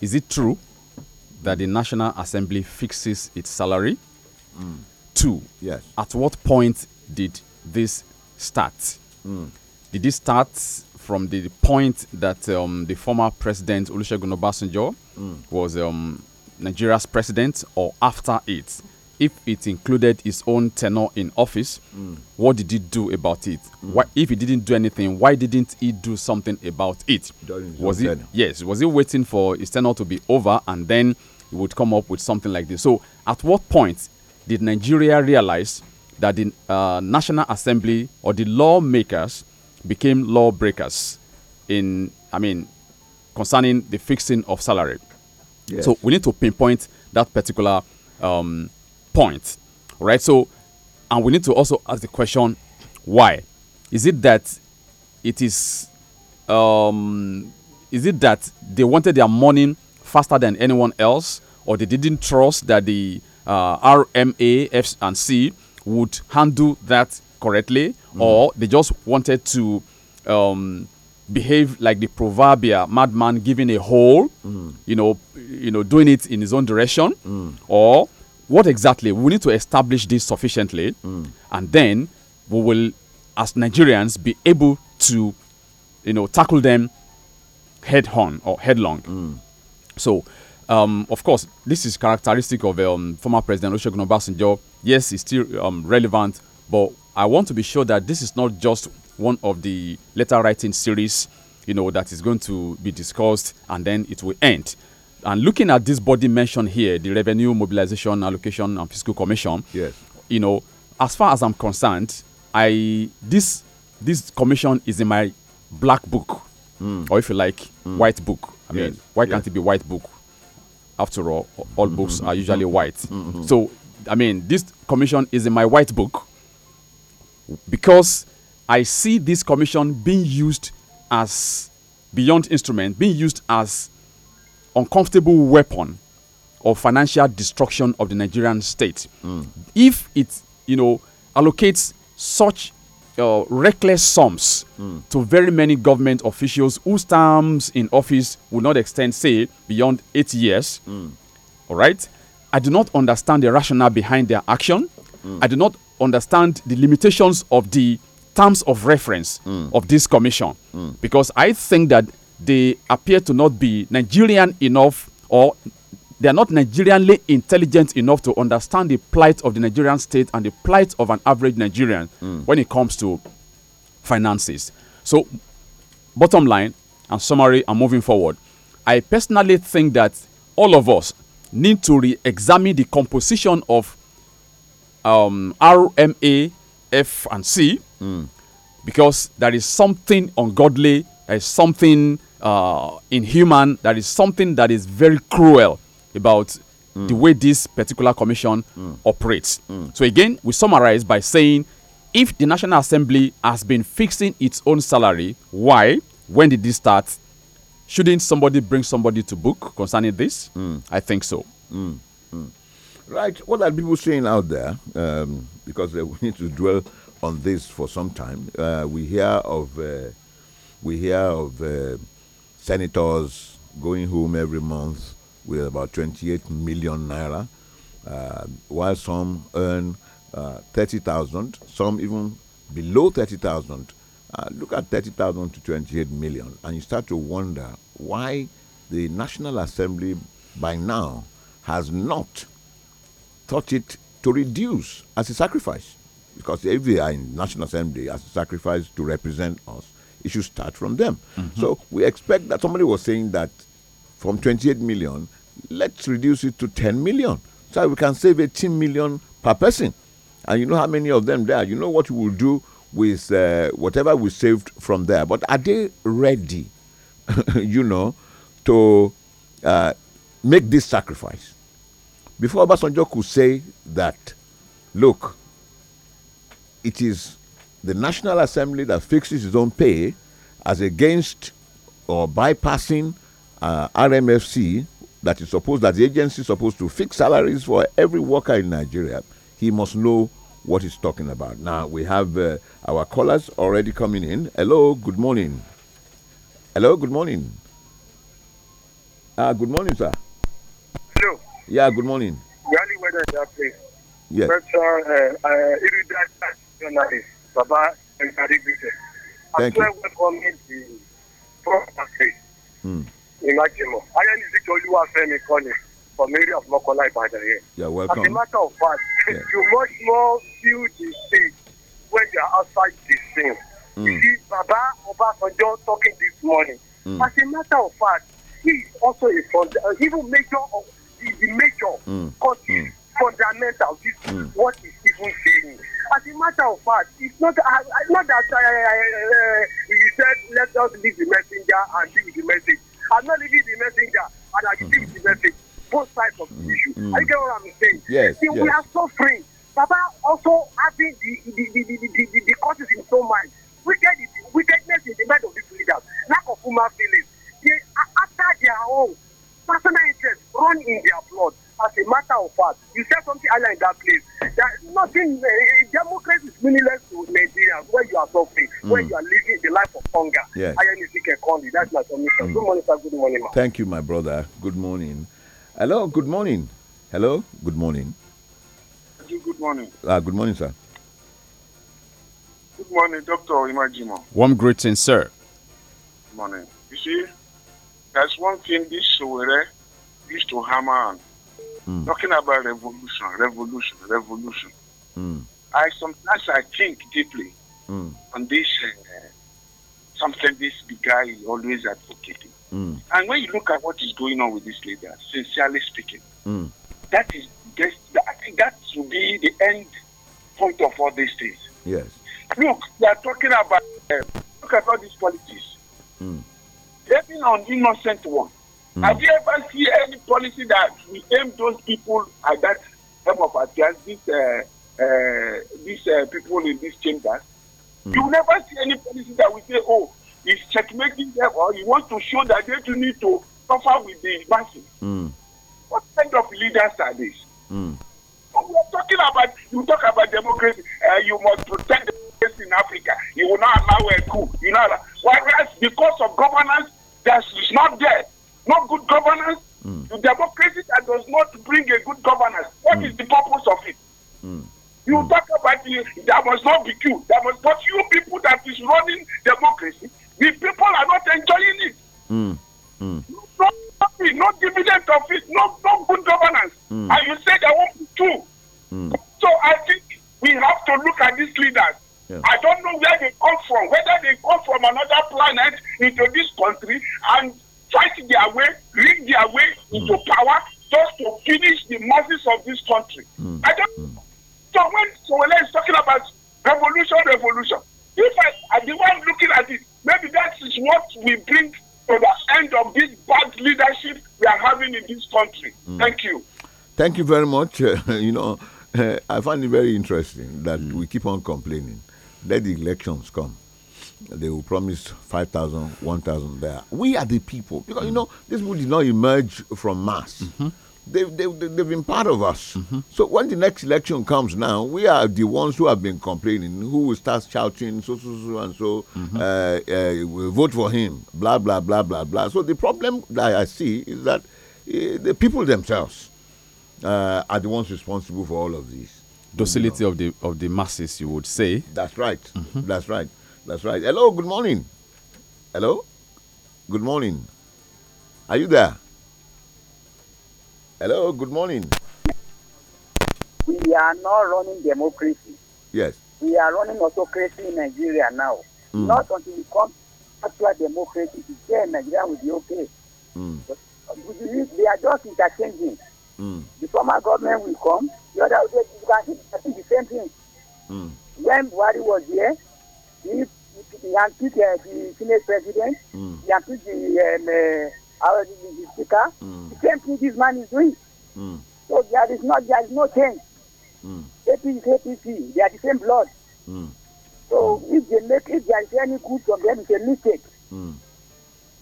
Is it true that the National Assembly fixes its salary? Mm. Two, yes. at what point did this start? Mm. Did this start from the point that um, the former president Olusegun Obasanjo mm. was um, Nigeria's president or after it? if it included his own tenure in office, mm. what did he do about it? Mm. Why, if he didn't do anything, why didn't he do something about it? was he yes? Was he waiting for his tenure to be over and then he would come up with something like this? So, at what point did Nigeria realize that the uh, National Assembly or the lawmakers became lawbreakers? In I mean, concerning the fixing of salary. Yes. So we need to pinpoint that particular. Um, point, right? So, and we need to also ask the question, why? Is it that it is, um, is it that they wanted their money faster than anyone else, or they didn't trust that the uh, RMA, F, and C would handle that correctly, mm. or they just wanted to um, behave like the proverbial madman giving a hole, mm. you know, you know, doing it in his own direction, mm. or what exactly we need to establish this sufficiently, mm. and then we will, as Nigerians, be able to, you know, tackle them head on or headlong. Mm. So, um, of course, this is characteristic of um, former President Olusegun Obasanjo. Yes, it's still um, relevant, but I want to be sure that this is not just one of the letter writing series, you know, that is going to be discussed and then it will end. And looking at this body mentioned here, the Revenue Mobilization Allocation and Fiscal Commission, yes. you know, as far as I'm concerned, I this this commission is in my black book, mm. or if you like, mm. white book. I yes. mean, why yes. can't it be white book? After all, all mm -hmm. books are usually mm-hmm. white. -hmm. So, I mean, this commission is in my white book because I see this commission being used as beyond instrument, being used as uncomfortable weapon of financial destruction of the Nigerian state mm. if it, you know, allocates such uh, reckless sums mm. to very many government officials whose terms in office will not extend, say, beyond eight years. Mm. All right? I do not understand the rationale behind their action. Hmm. I do not understand the limitations of the terms of reference hmm. of this commission hmm. because I think that they appear to not be Nigerian enough or they are not Nigerianly intelligent enough to understand the plight of the Nigerian state and the plight of an average Nigerian mm. when it comes to finances. So, bottom line and summary, and moving forward, I personally think that all of us need to re examine the composition of um, RMA, F, and C mm. because there is something ungodly, there is something uh, inhuman. that is something that is very cruel about mm. the way this particular commission mm. operates. Mm. So again, we summarize by saying, if the National Assembly has been fixing its own salary, why? When did this start? Shouldn't somebody bring somebody to book concerning this? I think so. Right. What are people saying out there? Um, because uh, we need to dwell on this for some time. Uh, we hear of uh, we hear of uh, senators going home every month with about 28 million naira, uh, while some earn uh, 30,000, some even below 30,000. Uh, look at 30,000 to 28 million, and you start to wonder why the National Assembly by now has not thought it to reduce as a sacrifice. Because if they are in National Assembly as a sacrifice to represent us, it should start from them. Mm -hmm. So we expect that somebody was saying that from 28 million, let's reduce it to 10 million so we can save 18 million per person. And you know how many of them there. You know what we will do with uh, whatever we saved from there. But are they ready, you know, to uh, make this sacrifice? Before Obasanjo could say that, look, it is the National Assembly that fixes its own pay as against or bypassing uh, RMFC that is supposed that the agency is supposed to fix salaries for every worker in Nigeria, he must know what he's talking about. Now we have uh, our callers already coming in. Hello, good morning. Hello, good morning. Ah, uh, good morning, sir. Hello. Yeah, good morning. Really weather in that place. Yes. But, uh, uh, Baba Nkadibite. Thank I you. welcome the prophecy mm. in Ajimo. I am Ezekiel Oluwafemi Kone from area of Mokola Ibadan here. You're welcome. As a matter of fact, yeah. you much more feel the state when they are outside the scene. Mm. See, Baba Obasanjo talking this morning. Mm. As a matter of fact, he is also a founder, uh, even major of fact, it's not, uh, not that uh, uh, you said let us leave the messenger and give the message. I'm not leaving the messenger and I deal with the message. Both sides of the issue. Mm. I get what I'm saying. Yes. See, yes. We are Thank you, my brother. Good morning. Hello, good morning. Hello, good morning. Good morning. Uh, good morning, sir. Good morning, Dr. Imajimo. Warm greetings, sir. Good morning. You see, there's one thing this Sowere used to hammer on. Mm. Talking about revolution, revolution, revolution. Mm. I sometimes I think deeply mm. on this uh, something this big guy is always advocating. Mm. And when you look at what is going on with this leader, sincerely speaking, mm. that is just, I think that should be the end point of all these things. Yes. Look, we are talking about, uh, look at all these policies. Mm. been on innocent one. Mm. Have you ever seen any policy that we aim those people at that type of affairs, these, uh, uh, eh, these eh, people in these chambers? Mm. You never see any policy that we say, oh, is checkmating them or you want to show that they do need to suffer with the masses. Mm. What kind of leaders are these? Mm. So we are talking about, you talk about democracy, uh, you must protect democracy in Africa. You will not allow a coup. You know, whereas because of governance, that's not there. Not good governance. Mm. The democracy that does not bring a good governance. What hmm. is the purpose of it? Hmm. You hmm. talk about the, must not be coup. That must, but you people that is running democracy, the people are not enjoying it. Mm. Mm. No profit, no dividend of it, no, no good governance. Mm. And you say there won't do. Mm. So I think we have to look at these leaders. Yeah. I don't know where they come from, whether they come from another planet into this country and fight their way, rig their way hmm. into power just to finish the masses of this country. Mm. I don't mm. So when Sowele is talking about revolution, revolution, if I, I'm the one looking at it, Maybe that is what we bring to the end of this bad leadership we are having in this country. Mm. Thank you. Thank you very much. Uh, you know, uh, I find it very interesting that mm. we keep on complaining. Let the elections come. They will promise 5,000, 1,000 there. We are the people. Because, mm. you know, this people did not emerge from mass. -hmm they, they, they, have been part of us. Mm-hmm. So when the next election comes now, we are the ones who have been complaining, who will start shouting, so, so, so, and so, mm-hmm. uh, uh, we'll vote for him, blah, blah, blah, blah, blah. So the problem that I see is that uh, the people themselves uh, are the ones responsible for all of this. Docility you know? of the of the masses, you would say. That's right. Mm-hmm. That's right. That's right. Hello, good morning. Hello? Good morning. Are you there? Hello, good morning. We are not running democracy. Yes. We are running autocracy in Nigeria now. Mm. Not until we come actual democracy then Nigeria will be okay. Mm. But, they are just interchanging. Mm. The former government will come, the other will get the same thing. Mm. When Buhari was here, he, he, he, he, uh, hmm. he, he, he, he, he, he, he, he, he, he, he, already the speaker. Mm. The same thing this man is doing. Mm. So there is not there is no change. Mm. is APC. They are the same blood. Mm. So mm. if they make if there is any good from them, it's a mistake. Mm.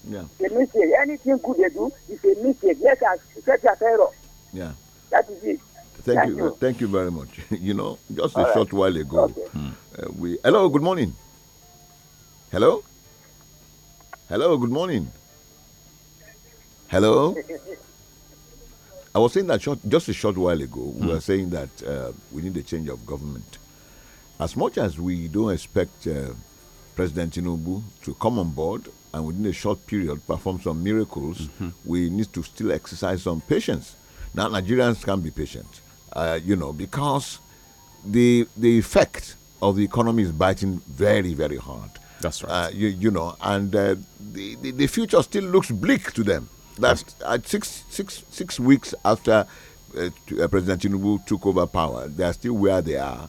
Yeah. It's a mistake. Anything good they do is a mistake. Let us set error. Yeah. That is it. Thank, thank you. you. Thank you very much. you know, just All a right. short while ago, okay. Hmm, uh, we hello. Good morning. Hello. Hello. Good morning. Hello? I was saying that short, just a short while ago, we hmm. were saying that uh, we need a change of government. As much as we don't expect uh, President Tinubu to come on board and within a short period perform some miracles, mm -hmm. we need to still exercise some patience. Now, Nigerians can be patient, uh, you know, because the the effect of the economy is biting very, very hard. That's right. Uh, you, you, know, and uh, the, the, the future still looks bleak to them. That's at uh, six, six, six weeks after uh, uh, President Tinubu took over power, they are still where they are.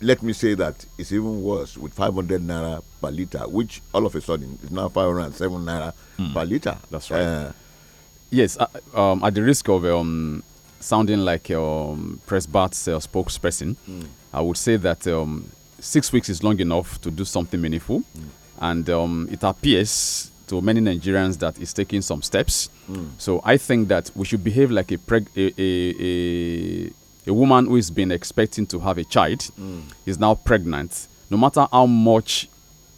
Let me say that it's even worse with 500 naira per liter, which all of a sudden is now 507 naira mm. per liter. That's right. Uh, yes, uh, um, at the risk of um, sounding like um, Press bat's uh, spokesperson, mm. I would say that um, six weeks is long enough to do something meaningful. Mm. And um, it appears to many Nigerians that is taking some steps. Mm. So I think that we should behave like a, a, a, a, woman who has been expecting to have a child mm. is now pregnant. No matter how much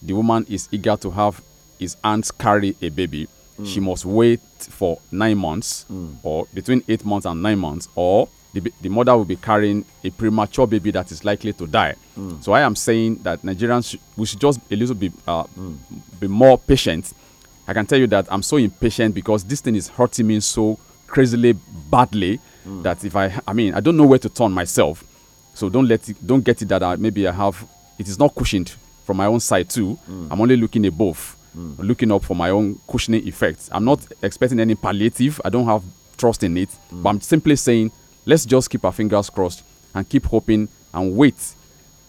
the woman is eager to have his aunt carry a baby, mm. she must wait for nine months hmm. or between eight months and nine months or the, the, mother will be carrying a premature baby that is likely to die. Mm. So I am saying that Nigerians we should just a little bit uh, mm. be more patient I can tell you that I'm so impatient because this thing is hurting me so crazily badly mm. that if I, I mean, I don't know where to turn myself. So don't let it, don't get it that I, maybe I have, it is not cushioned from my own side too. Mm. I'm only looking above, mm. looking up for my own cushioning effects. I'm not expecting any palliative. I don't have trust in it, hmm. but I'm simply saying, let's just keep our fingers crossed and keep hoping and wait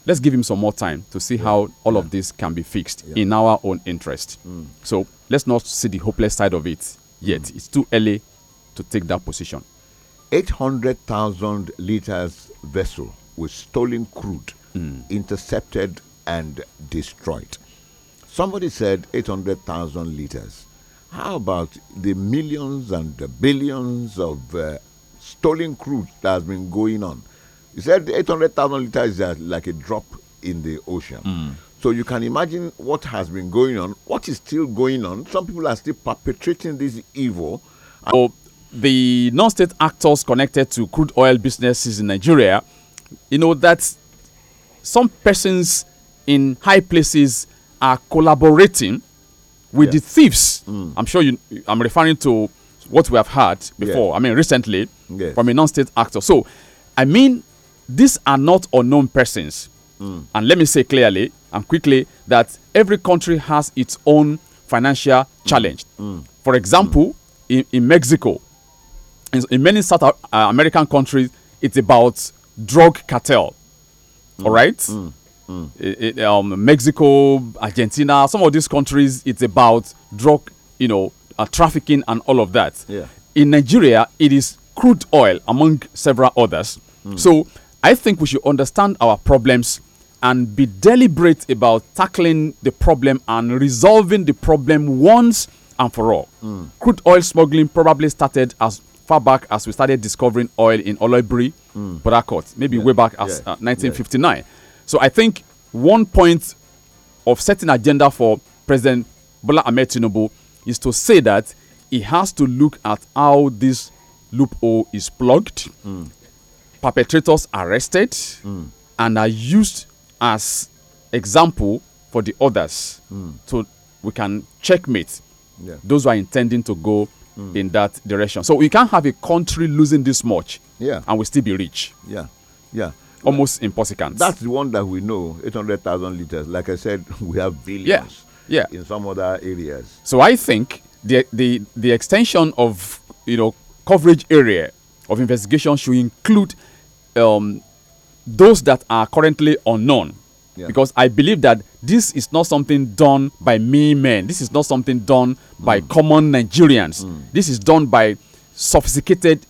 let's give him some more time to see yeah. how all yeah. of this can be fixed yeah. in our own interest. Mm. So let's not see the hopeless side of it yet. Mm. It's too early to take that position. 800,000 liters vessel with stolen crude mm. intercepted and destroyed. Somebody said 800,000 liters. How about the millions and the billions of uh, stolen crude that has been going on? He said 800,000 liters is uh, like a drop in the ocean. Mm. So you can imagine what has been going on, what is still going on. Some people are still perpetrating this evil. So the non-state actors connected to crude oil businesses in Nigeria, you know that some persons in high places are collaborating with yes. the thieves. Mm. I'm sure you. I'm referring to what we have heard before. Yes. I mean, recently yes. from a non-state actor. So, I mean, these are not unknown persons. Mm. And let me say clearly, and quickly that every country has its own financial challenge. Mm. mm. For example, mm. in, in Mexico, in, in, many South uh, American countries, it's about drug cartel. Mm. All right? It, it, um, Mexico, Argentina, some of these countries, it's about drug, you know, uh, trafficking and all of that. Yeah. In Nigeria, it is crude oil among several others. Mm. So I think we should understand our problems and be deliberate about tackling the problem and resolving the problem once and for all. Mm. Crude oil smuggling probably started as far back as we started discovering oil in Oloibri, mm. thought maybe yeah. way back as yeah. uh, 1959. Yeah. So I think one point of setting agenda for President Bola Ahmed Tinubu is to say that he has to look at how this loophole is plugged, mm. perpetrators arrested, mm. and are used as example for the others mm. so we can checkmate yeah. those who are intending to go mm. in that direction so we can't have a country losing this much yeah. and we still be rich yeah yeah almost impossible that's the one that we know 800000 liters like i said we have billions yeah. yeah. in some other areas so i think the the the extension of you know coverage area of investigation should include um, those that are currently unknown. Yeah. Because I believe that this is not something done by me men. This is not something done mm. by common Nigerians. Mm. This is done by sophisticated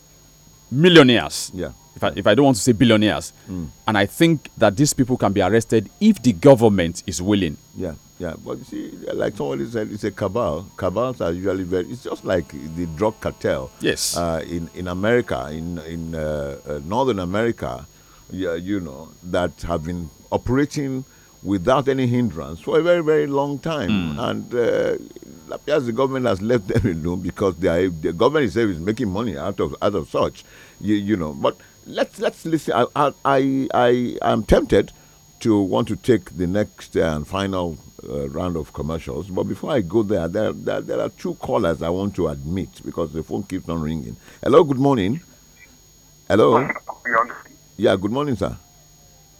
millionaires. Yeah. If I, if I don't want to say billionaires. Mm. And I think that these people can be arrested if the government is willing. Yeah, yeah. But you see, like somebody said, it's a cabal. Cabals are usually very, it's just like the drug cartel. Yes. Uh, in, in America, in, in uh, uh, Northern America, yeah, you know, that have been operating without any hindrance for a very, very long time. Mm. And uh, appears the government has left them alone because they are, the government itself is making money out of out of such, you, you know. But let's let's listen. I I I, am tempted to want to take the next uh, and final uh, round of commercials. But before I go there, there, there, there, are two callers I want to admit because the phone keeps on ringing. Hello, good morning. Hello. Yeah, good morning, sir.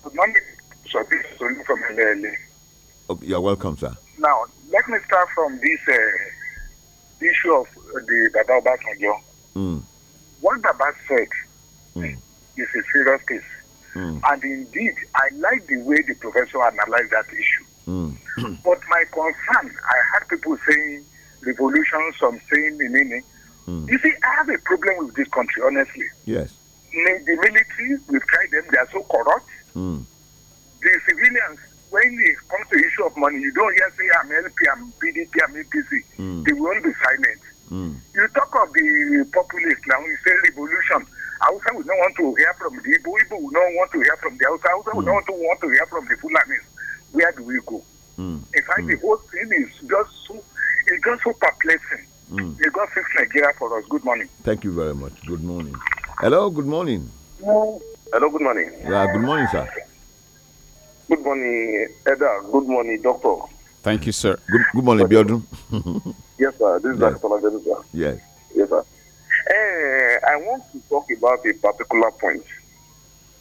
Good morning, sir. This is Tony from LLA. you're welcome, sir. Now, let me start from this uh, issue of uh, the Baba Obasanjo. Mm. What Baba said mm. is a serious case. Mm. And indeed, I like the way the professor analyzed that issue. Mm. but my concern, I had people saying revolution, some saying meaning. Mm. You see, I have a problem with this country, honestly. Yes the military, we try them, they are so corrupt. Mm. The civilians, when it comes to issue of money, you don't hear say I'm LP, I'm PDP, I'm APC. Mm. They won't be silent. Mm. You talk of the populace now, you say revolution. Hausa do not want to hear from the Igbo, Igbo do not want to hear from the Hausa, Hausa hmm. do not want to hear from the Fulanis. Where do we go? Hmm. In fact, the hmm. whole thing is just so, it's just so perplexing. Mm. May God fix Nigeria for us. Good morning. Thank you very much. Good morning. Hello, good morning. Hello, good morning. Yeah, good morning, sir. Good morning, Edda. Good morning, Doctor. Thank you, sir. Good, good morning, Biodun. yes, sir. This is yes. Dr. sir. Yes. Yes, sir. Uh, I want to talk about a particular point.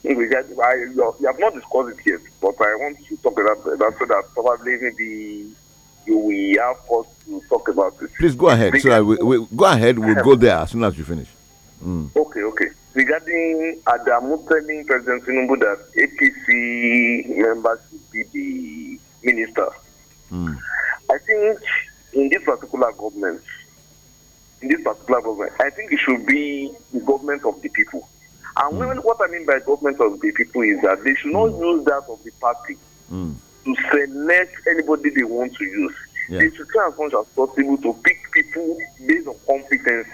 I, you have not discussed it yet, but I want to talk about that so that probably maybe we are forced to talk about it. Please go ahead. so we, we, go ahead. We'll go there as soon as you finish. Mm. Okay, okay. Regarding Adamu telling President Tinubu that APC members should be the minister, mm. I think in this particular government, in this particular government, I think it should be the government of the people. And mm. when, what I mean by government of the people is that they should not mm. use that of the party mm. to select anybody they want to use. Yeah. They should try as much as possible to pick people based on competence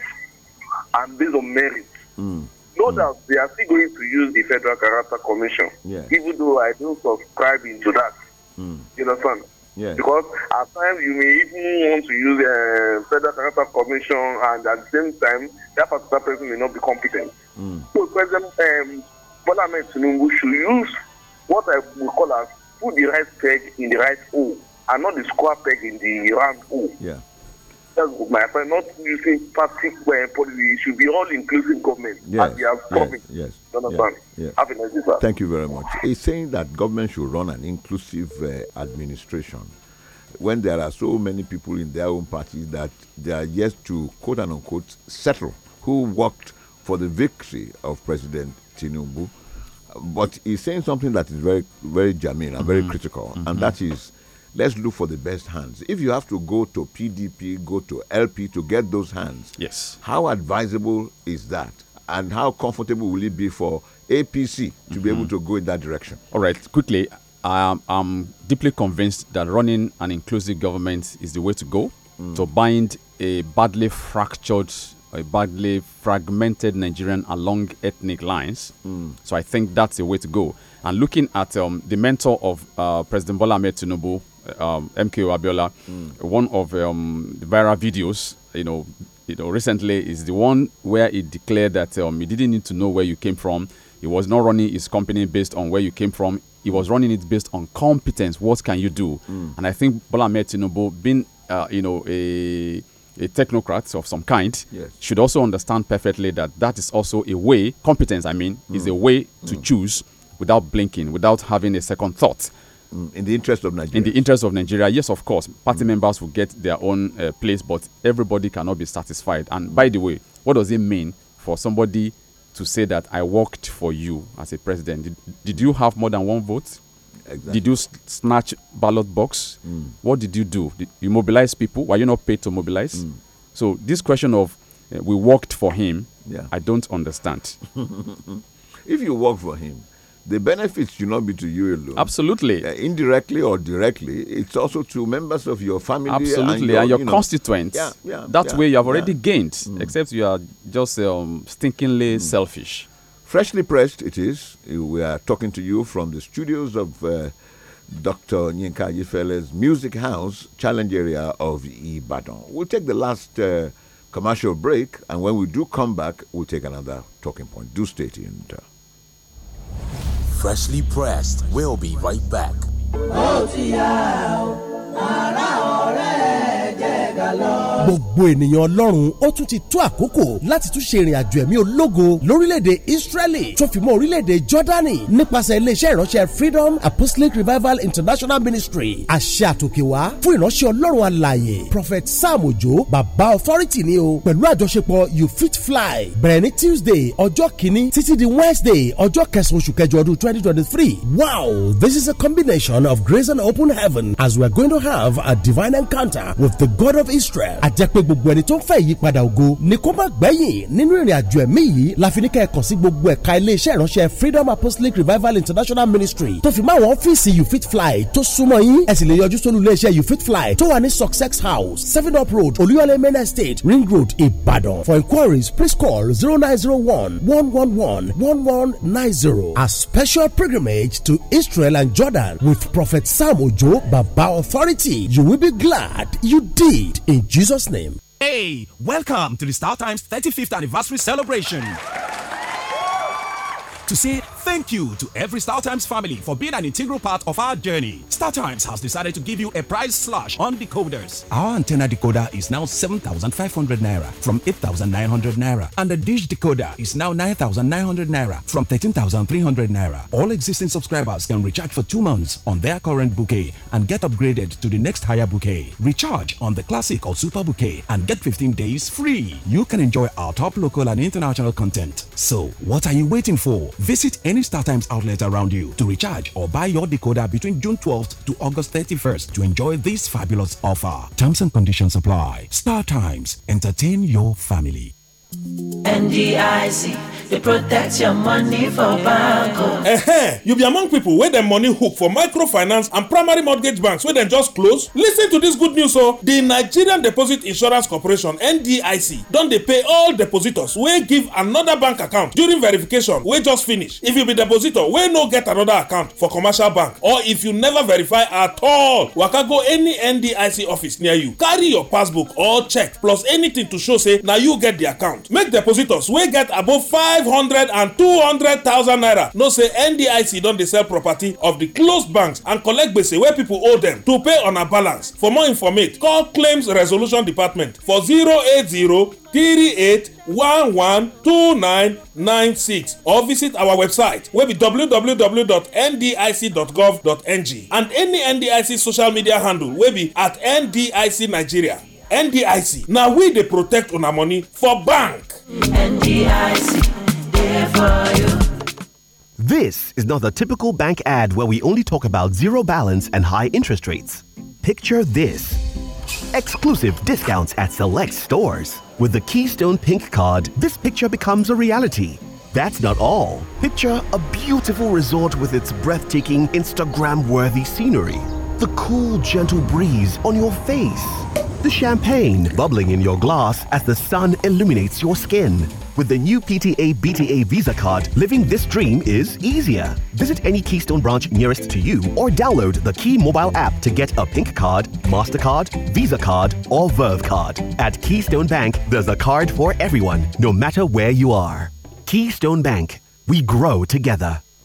and based on merit. Mm. Not mm. that they are still going to use the Federal Character Commission, yeah. even though I don't subscribe into that. Mm. You understand? Yeah. Because at times you may even want to use the uh, Federal Character Commission, and at the same time, that particular person may not be competent. Mm. So, President um, Bola Tinubu should use what I would call as put the right peg in the right hole and not the square peg in the round hole. Yeah. That's my friend. Not using party where policy. It should be all inclusive government. Yes. As yes. Yes. Yes. yes. Have a nice day, sir. Thank you very much. He's saying that government should run an inclusive uh, administration when there are so many people in their own parties that they are yet to quote and unquote settle who worked for the victory of President Tinubu. But he's saying something that is very, very germane and mm -hmm. very mm-hmm. critical, mm -hmm. and mm-hmm. that is let's look for the best hands. If you have to go to PDP, go to LP to get those hands, yes. How advisable is that? And how comfortable will it be for APC to mm -hmm. be mm-hmm. able to go in that direction? All right, quickly, I'm, um, I'm deeply convinced that running an inclusive government is the way to go mm. to bind a badly fractured a badly fragmented Nigerian along ethnic lines. Mm. So I think that's the way to go. And looking at um, the mentor of uh, President Bola Ahmed Tinubu, um, MK Abiola, mm. one of um, the viral videos, you know, you know, recently is the one where he declared that um, he didn't need to know where you came from. He was not running his company based on where you came from. He was running it based on competence. What can you do? Mm. And I think Bola Tinubu, being uh, you know a a technocrat of some kind yes. should also understand perfectly that that is also a way competence i mean mm. is a way to mm. choose without blinking without having a second thought in the interest of Nigeria. In the interest of Nigeria, yes, of course. Party mm. members will get their own uh, place, but everybody cannot be satisfied. And by the way, what does it mean for somebody to say that I worked for you as a president? Did, did you have more than one vote? Exactly. Did you snatch ballot box? Mm. What did you do? Did you mobilize people? Were you not paid to mobilize? Mm. So this question of uh, we worked for him, yeah. I don't understand. if you work for him, the benefits should not be to you alone. Absolutely. Uh, indirectly or directly, it's also to members of your family. Absolutely, and your, and your you know, constituents. Yeah, yeah, that yeah, way you have already yeah. gained, mm. except you are just um, stinkingly mm. selfish. Freshly pressed, it is. We are talking to you from the studios of uh, Dr. Nyinka Yifele's Music House Challenge Area of Ibadan. We'll take the last uh, commercial break, and when we do come back, we'll take another talking point. Do stay tuned. Freshly pressed. We'll be right back. ará jẹ́ gàlọ́. gbogbo ènìyàn ọlọ́run ó tún ti tó àkókò láti tún ṣe ìrìn àjò ẹ̀mí ológo lórílẹ̀‐èdè Israeli tó fi mọ́ orílẹ̀‐èdè Jordani nípasẹ̀ iléeṣẹ́ ìránṣẹ́ Freedom Apostolic Revival International Ministry àṣẹ àtòkèwá fún ìránṣẹ́ ọlọ́run alààyè Prophet Sam Ojo baba authority ni o pẹ̀lú àjọṣepọ̀ you fit fly bẹ̀rẹ̀ ní Tuesday ọjọ́ kìíní títí di Wednesday ọjọ́ kẹsàn-án oṣù kẹjọ ọdún twenty twenty three wow this is a combination of grace and open heaven as we are going to have a divine encounter with the God of Israel àjẹpé gbogbo ẹni tó ń fẹ́ ìyípadà ògo ni kó má gbẹ́yìn nínú ìrìn àjò ẹ̀mí yìí la fi ní kẹ́ ẹ kàn sí gbogbo ẹ̀ka iléeṣẹ́ ìránṣẹ́ Freedom Apostolic Revival International Ministry tó fi mọ́ àwọn ọ́fíìsì you fit fly tó súnmọ́ yín ẹ lè yọjú sólú iléeṣẹ́ you fit fly tó wà ní success house seven up road olúyọlé main estate ring road Ìbàdàn for inquiries please call zero nine zero one one one one one one nine zero a special pilgrimage to Israel and Jordan with Prophet Sam Ojo Baba Authority you will be glad you did in Jesus Jesus' name. Hey, welcome to the Star Times 35th anniversary celebration. to see Thank you to every StarTimes family for being an integral part of our journey. StarTimes has decided to give you a price slash on decoders. Our antenna decoder is now 7,500 naira from 8,900 naira, and the dish decoder is now 9,900 naira from 13,300 naira. All existing subscribers can recharge for two months on their current bouquet and get upgraded to the next higher bouquet. Recharge on the classic or super bouquet and get 15 days free. You can enjoy our top local and international content. So, what are you waiting for? Visit any any StarTimes outlet around you to recharge or buy your decoder between June 12th to August 31st to enjoy this fabulous offer. Terms and conditions apply. StarTimes, entertain your family. ndic they protect your money for bank oh eh you be among people where dem money hook for microfinance and primary mortgage banks Where they just close? listen to this good news o oh. The nigerian deposit insurance corporation ndic don't they pay all depositors wey give another bank account during verification wey just finish if you be depositor wey no get another account for commercial bank or if you never verify at all waka go any ndic office near you carry your passbook or check plus anything to show say now you get the account ground make depositors wey get above five hundred and two hundred thousand naira know say ndic don dey sell property of the closed banks and collect gbese wey people owe dem to pay on a balance for more informate call claims resolution department for zero eight zero three eight one one two nine nine six or visit our website wey be www.ndic.gov.ng and any ndic social media handle wey be at ndic nigeria. ndic Now we dey protect our money for bank. ndic there for you. This is not the typical bank ad where we only talk about zero balance and high interest rates. Picture this exclusive discounts at select stores. With the Keystone Pink card, this picture becomes a reality. That's not all. Picture a beautiful resort with its breathtaking, Instagram worthy scenery the cool, gentle breeze on your face, the champagne bubbling in your glass as the sun illuminates your skin. With the new PTA BTA Visa card, living this dream is easier. Visit any Keystone branch nearest to you or download the Key mobile app to get a pink card, MasterCard, Visa card, or Verve card. At Keystone Bank, there's a card for everyone, no matter where you are. Keystone Bank, we grow together.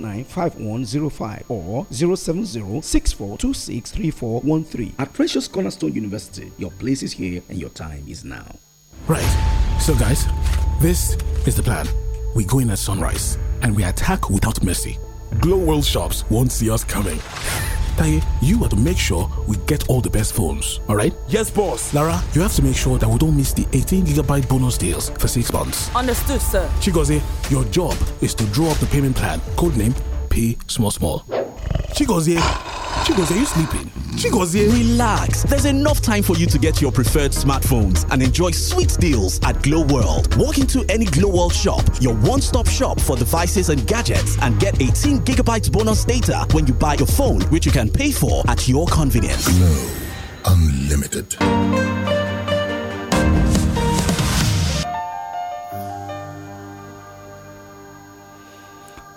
Nine five one zero five or 070 At Precious Cornerstone University, your place is here and your time is now. Right. So guys, this is the plan. We go in at sunrise and we attack without mercy. Glow World Shops won't see us coming. Taye, you are to make sure we get all the best phones, alright? Yes, boss. Lara, you have to make sure that we don't miss the 18GB bonus deals for six months. Understood, sir. Chigozie, your job is to draw up the payment plan, codename Pay Small Small. Chigozie. Chigozie, are you sleeping? Chigozie. Relax. There's enough time for you to get your preferred smartphones and enjoy sweet deals at Glow World. Walk into any Glow World shop, your one-stop shop for devices and gadgets, and get 18 gigabytes bonus data when you buy your phone, which you can pay for at your convenience. Glow Unlimited.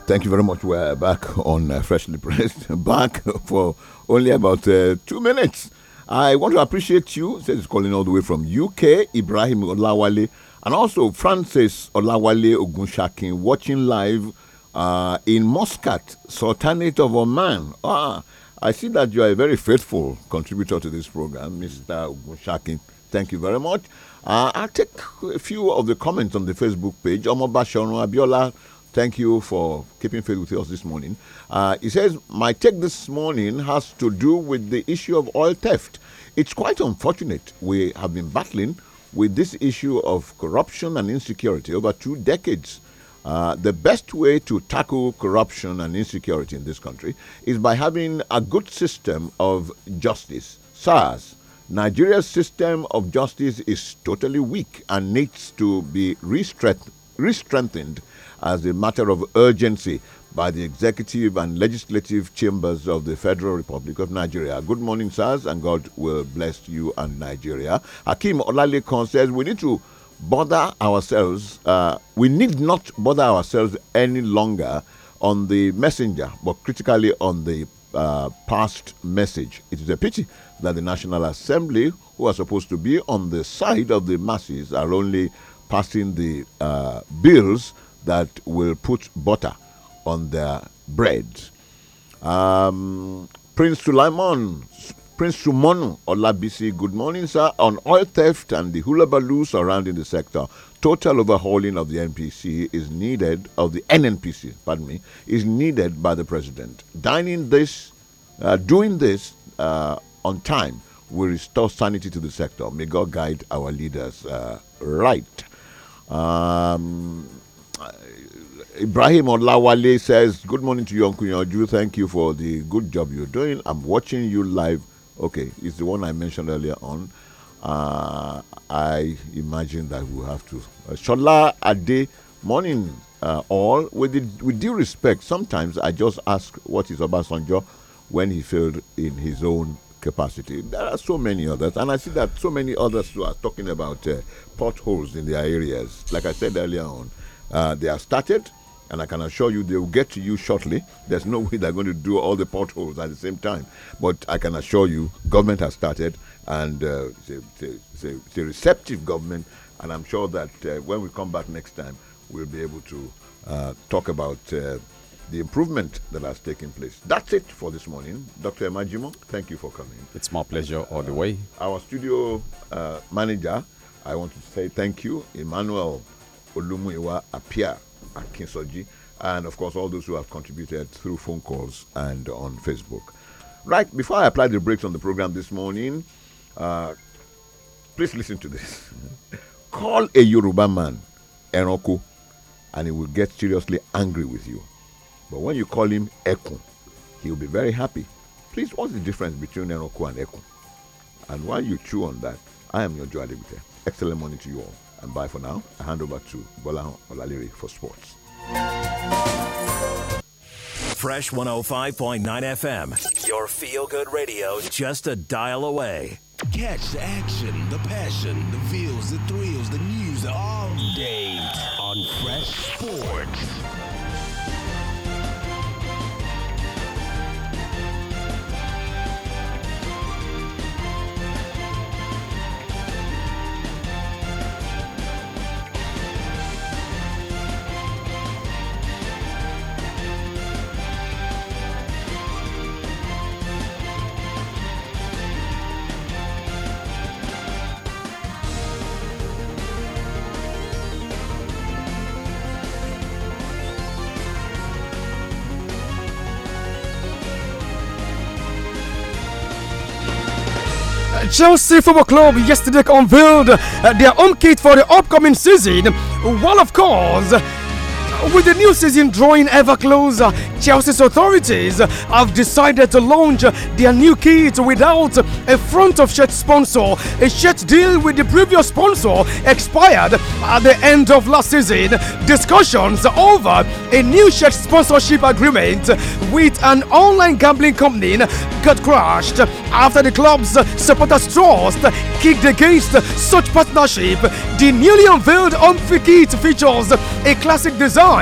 thank you very much. We're back on uh, Freshly Pressed, back for only about uh, two minutes. I want to appreciate you, says calling all the way from UK, Ibrahim Olawale, and also Francis Olawale Ogunshakin, watching live uh, in Muscat, Sultanate of Oman. Ah, I see that you are a very faithful contributor to this program, Mr. Ogunshakin. Thank you very much. Uh, I'll take a few of the comments on the Facebook page. Omobashon Abiola Thank you for keeping faith with us this morning. Uh, he says, My take this morning has to do with the issue of oil theft. It's quite unfortunate. We have been battling with this issue of corruption and insecurity over two decades. Uh, the best way to tackle corruption and insecurity in this country is by having a good system of justice. SARS, Nigeria's system of justice is totally weak and needs to be re-strengthened as a matter of urgency by the executive and legislative chambers of the Federal Republic of Nigeria. Good morning, sirs, and God will bless you and Nigeria. Hakim Olalekan says we need to bother ourselves. Uh, we need not bother ourselves any longer on the messenger, but critically on the uh, past message. It is a pity that the National Assembly, who are supposed to be on the side of the masses, are only passing the uh, bills that will put butter on their bread. Um, Prince Sulaiman, Prince Sumonu Olabisi, good morning, sir. On oil theft and the around surrounding the sector, total overhauling of the NPC is needed, of the NNPC, pardon me, is needed by the president. Dining this, uh, doing this uh, on time will restore sanity to the sector. May God guide our leaders uh, right. Um, uh, Ibrahim Olawale says, Good morning to you, Uncle Yonju. Thank you for the good job you're doing. I'm watching you live. Okay, it's the one I mentioned earlier on. Uh, I imagine that we have to. Uh, Shola Ade, morning uh, all. With, the, with due respect, sometimes I just ask what is Obasanjo when he failed in his own capacity. There are so many others, and I see that so many others who are talking about uh, potholes in their areas. Like I said earlier on, uh, they are started, and I can assure you they will get to you shortly. There's no way they're going to do all the potholes at the same time, but I can assure you, government has started, and uh, it's, a, it's, a, it's, a, receptive government, and I'm sure that uh, when we come back next time, we'll be able to uh, talk about uh, the improvement that has taken place. That's it for this morning. Dr. Emajimo, thank you for coming. It's my pleasure all the way. Our studio uh, manager, I want to say thank you, Emmanuel Olumuyiwa Apia Akinsoji, and of course, all those who have contributed through phone calls and on Facebook. Right, before I apply the brakes on the program this morning, uh, please listen to this. Call a Yoruba man, Enoko, and he will get seriously angry with you. But when you call him Ekun, he'll be very happy. Please, what's the difference between Enoko and Ekun? And while you chew on that, I am your Joe Adebite. Excellent morning to you all and bye for now. I hand over to Bola Olaliri for sports. Fresh 105.9 FM, your feel good radio, just a dial away. Catch the action, the passion, the feels, the thrills, the news all day on Fresh Sports. Chelsea Football Club yesterday unveiled uh, their home kit for the upcoming season. Well, of course, with the new season drawing ever closer, Chelsea's authorities have decided to launch their new kit without a front of shirt sponsor. A shirt deal with the previous sponsor expired at the end of last season. Discussions over a new shirt sponsorship agreement with an online gambling company got crushed after the club's supporters' trust kicked against such partnership. The newly unveiled Humphrey kit features a classic design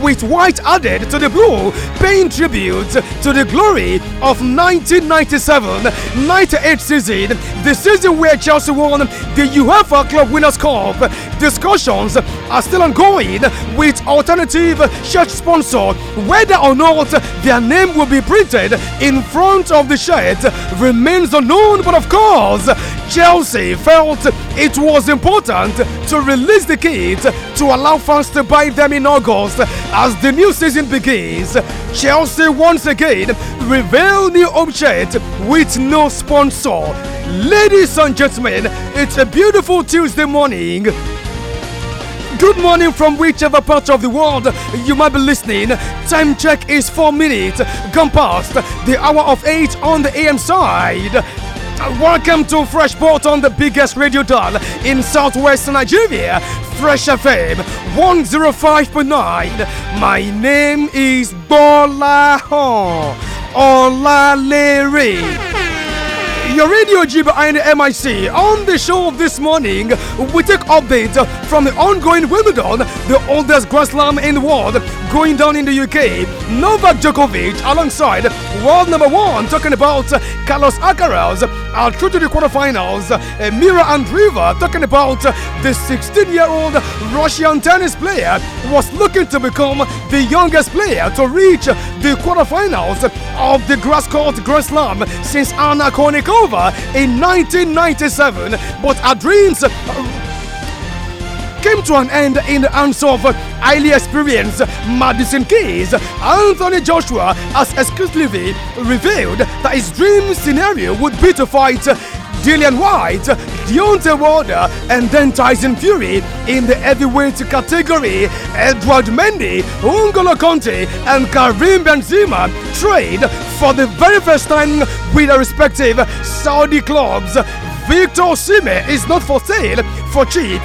with white added to the blue, paying tribute to the glory of 1997-98 season, the season where Chelsea won the UEFA Club Winners' Cup discussions are still ongoing with alternative church sponsor whether or not their name will be printed in front of the shirt remains unknown but of course Chelsea felt it was important to release the kit to allow fans to buy them in August as the new season begins. Chelsea once again reveal new object with no sponsor. Ladies and gentlemen, it's a beautiful Tuesday morning. Good morning from whichever part of the world you might be listening. Time check is 4 minutes, gone past the hour of 8 on the AM side. Welcome to Freshport on the biggest radio dial in southwest Nigeria, Fresh FM 105.9. My name is Bola Ho Olalere. Your Radio jib behind the MIC. On the show this morning, we take updates from the ongoing Wimbledon, the oldest grass slam in the world going down in the UK, Novak Djokovic alongside world number one, talking about Carlos Alcaraz, are through to the quarterfinals. Uh, Mira Andreeva, talking about the 16 year old Russian tennis player, was looking to become the youngest player to reach the quarterfinals of the grass court Grand Slam since Anna Kournikova in 1997. But our dreams came to an end in the hands of highly experienced Madison Keys. Anthony Joshua has exclusively revealed that his dream scenario would be to fight Dillian White, Deontay Wilder, and then Tyson Fury in the heavyweight category. Edward Mendy, Ungolo Conte, and Karim Benzema trade for the very first time with their respective Saudi clubs. Victor Sime is not for sale for cheap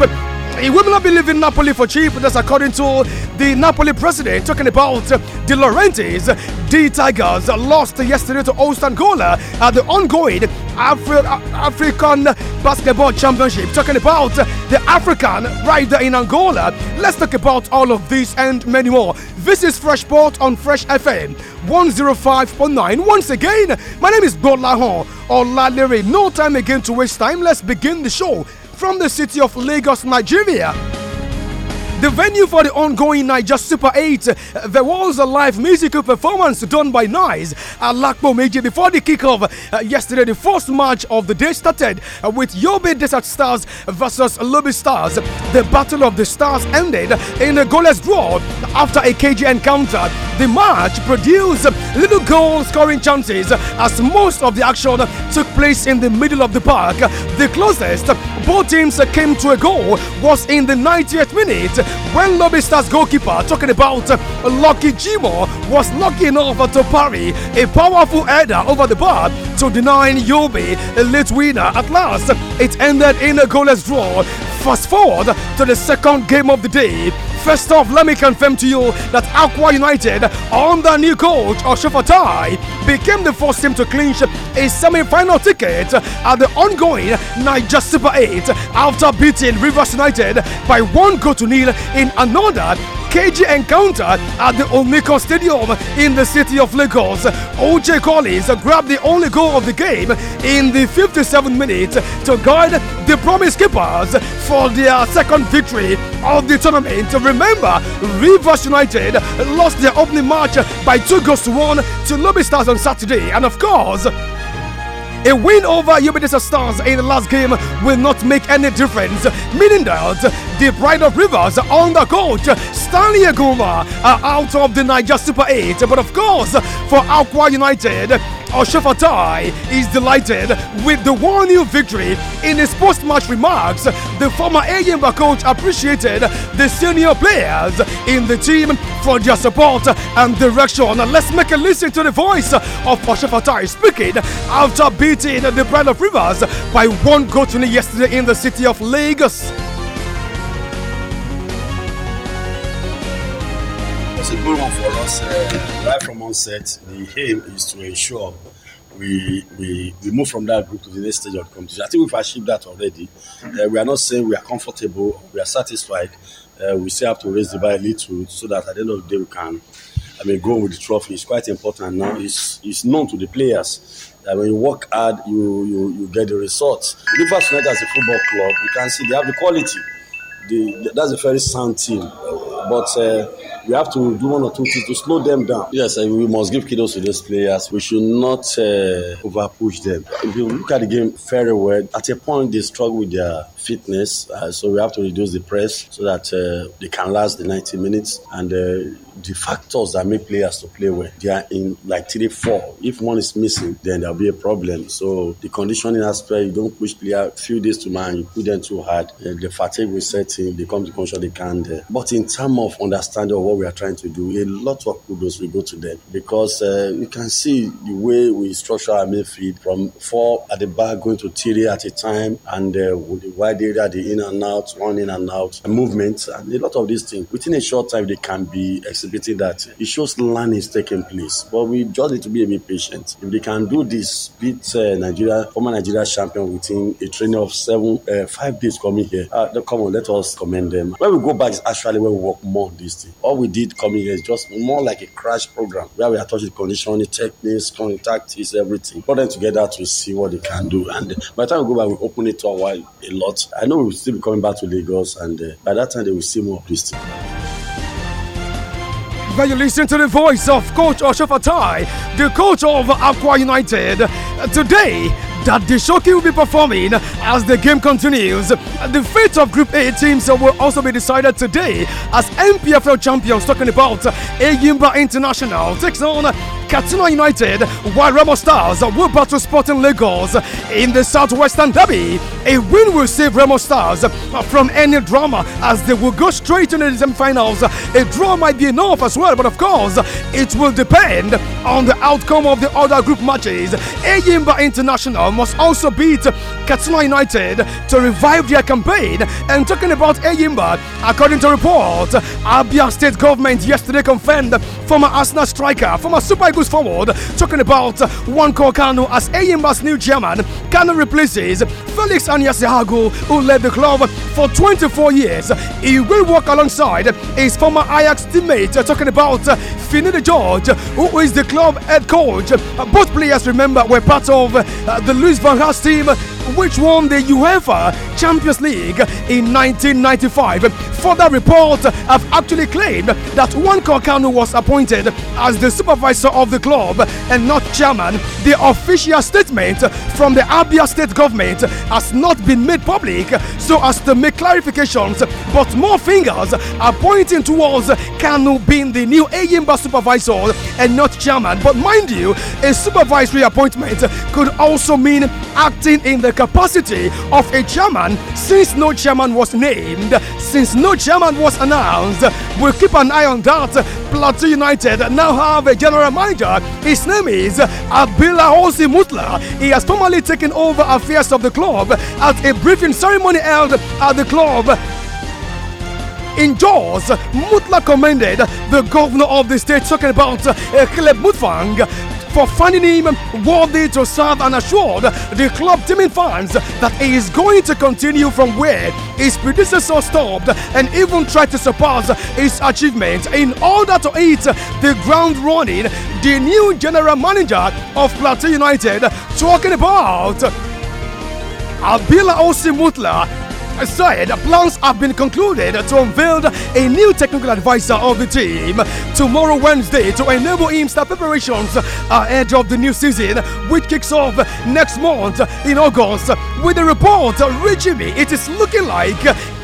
he will not be leaving Napoli for cheap. That's according to the Napoli president talking about De Laurentiis. The Tigers lost yesterday to Ostangola at the ongoing Afri African Basketball Championship. Talking about the African rider in Angola. Let's talk about all of this and many more. This is Fresh Sport on Fresh FM 105.9. Once again, my name is Bola Hon Olalere. No time again to waste time. Let's begin the show from the city of Lagos, Nigeria, the venue for the ongoing Niger Super 8, uh, there was a live musical performance done by Nice at Lakpo Meiji before the kickoff uh, yesterday. The first match of the day started uh, with Yobe Desert Stars versus Lobby Stars. The Battle of the Stars ended in a goalless draw after a kg encounter. The match produced little goal scoring chances as most of the action took place in the middle of the park. The closest both teams came to a goal was in the 90th minute when Lobista's goalkeeper, talking about uh, Lucky Jimo, was lucky enough to parry a powerful header over the bar to deny Yobi a late winner. At last, it ended in a goalless draw fast forward to the second game of the day. First off, let me confirm to you that Aqua United, under new coach Tai, became the first team to clinch a semi-final ticket at the ongoing Niger Super 8 after beating Rivers United by one goal to nil in another KG encounter at the Omiko Stadium in the city of Lagos. OJ Collins grabbed the only goal of the game in the 57th minute to guide the Promise Keepers for their second victory of the tournament. Remember, Rivers United lost their opening match by two goals to one to Lobby Stars on Saturday, and of course, a win over Ubisoft Stars in the last game will not make any difference, meaning that the Bride of Rivers on the coach, Stanley Aguma, are out of the Niger Super 8. But of course, for Aqua United, Fatai is delighted with the 1 0 victory. In his post match remarks, the former Ayimba coach appreciated the senior players in the team for their support and direction. Let's make a listen to the voice of Fatai speaking after beating the Brand of Rivers by one goal to yesterday in the city of Lagos. it's a good one for us. Uh, right from onset, the aim is to ensure we, we we move from that group to the next stage of competition. I think we've achieved that already. Uh, we are not saying we are comfortable, we are satisfied. Uh, we still have to raise the bar a little so that at the end of the day we can. I mean, going with the trophy is quite important now. It's, it's known to the players that when you work hard, you you, you get the results. Rivers United as a football club, you can see they have the quality. The, that's a very sound team, but. Uh, you have to do one or two things to slow them down. Yes, we must give kudos to these players. We should not uh, over push them. If you look at the game very well, at a point they struggle with their fitness. Uh, so we have to reduce the press so that uh, they can last the 90 minutes. And uh, the factors that make players to play well, they are in like three, four. If one is missing, then there'll be a problem. So the conditioning aspect, you don't push player few days to man, you put them too hard. Uh, the fatigue will set in, they come to control, they can't. but in terms of understanding of what we are trying to do, a lot of kudos will go to them because uh, you can see the way we structure our midfield from four at the back going to three at a time and uh, with the wide the in and out, one in and out movement, and a lot of these things. Within a short time, they can be exhibiting that. It shows learning is taking place. But we just need to be a bit patient. If they can do this, beat uh, Nigeria, former Nigeria champion within a training of seven, uh, five days coming here, uh, come on, let us commend them. When we go back, is actually when we work more on this thing. All we did coming here is just more like a crash program where we are touching conditioning, techniques, contact is everything. Put them together to see what they can do. And by the time we go back, we open it to a, while, a lot I know we'll still be coming back to Lagos, and uh, by that time, they will see more of this team. When you listen to the voice of Coach Oshofatai, the coach of Aqua United, today that the Shoki will be performing as the game continues. The fate of Group A teams will also be decided today as MPFL champions talking about Ayimba International takes on Katuna United, while Ramo Stars will battle Sporting Lagos in the Southwestern Derby. A win will save Remo Stars from any drama as they will go straight into the semi-finals. A draw might be enough as well, but of course, it will depend on the outcome of the other group matches. Ayimba International must also beat Katsina United to revive their campaign. And talking about Ayimba, according to report, Abia State government yesterday confirmed former Arsenal striker, former Super Eagles forward, talking about one Kano as Ayimba's new chairman. Kano replaces Felix Anyasihago, who led the club for 24 years. He will work alongside his former Ajax teammate, talking about Finidi George, who is the club head coach. Both players, remember, were part of the Luiz Van Gastima which won the UEFA Champions League in 1995. Further reports have actually claimed that Juan Corcano was appointed as the supervisor of the club and not chairman. The official statement from the Abia state government has not been made public so as to make clarifications, but more fingers are pointing towards Kanu being the new Ayimba supervisor and not chairman. But mind you, a supervisory appointment could also mean acting in the capacity of a chairman since no chairman was named, since no chairman was announced. We'll keep an eye on that. Plateau United now have a general manager. His name is Abila Osi Mutla. He has formally taken over affairs of the club at a briefing ceremony held at the club in Jaws, Mutla commended the governor of the state talking about uh, Caleb Mutfang for finding him worthy to serve and assured the club teaming fans that he is going to continue from where his predecessor stopped and even try to surpass his achievements in order to hit the ground running. The new general manager of Plateau United talking about Abila Osimutla said plans have been concluded to unveil a new technical advisor of the team tomorrow, Wednesday, to enable him start preparations ahead of the new season, which kicks off next month in August. With the report reaching me, it is looking like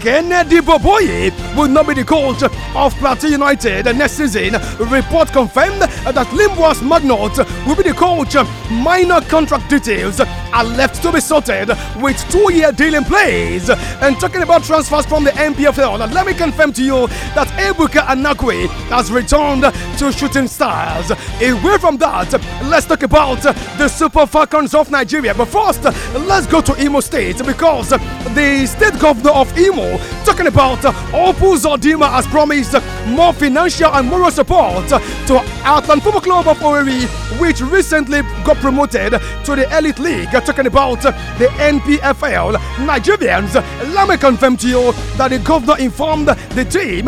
Kennedy Boboye will not be the coach of Plateau United next season. Report confirmed that Limbois Magnot will be the coach. Minor contract details are left to be sorted with two-year deal in place. And talking about transfers from the MPFL, let me confirm to you that Ebuka Anakwe has returned to Shooting Stars. Away from that, let's talk about the Super Falcons of Nigeria. But first, let's go to Imo State because the state governor of Imo talking about uh, Opus Zodima has promised more financial and moral support to Atlan Football Club of Owerri, which recently got promoted to the Elite League. Talking about uh, the NPFL, Nigerians, let me confirm to you that the governor informed the team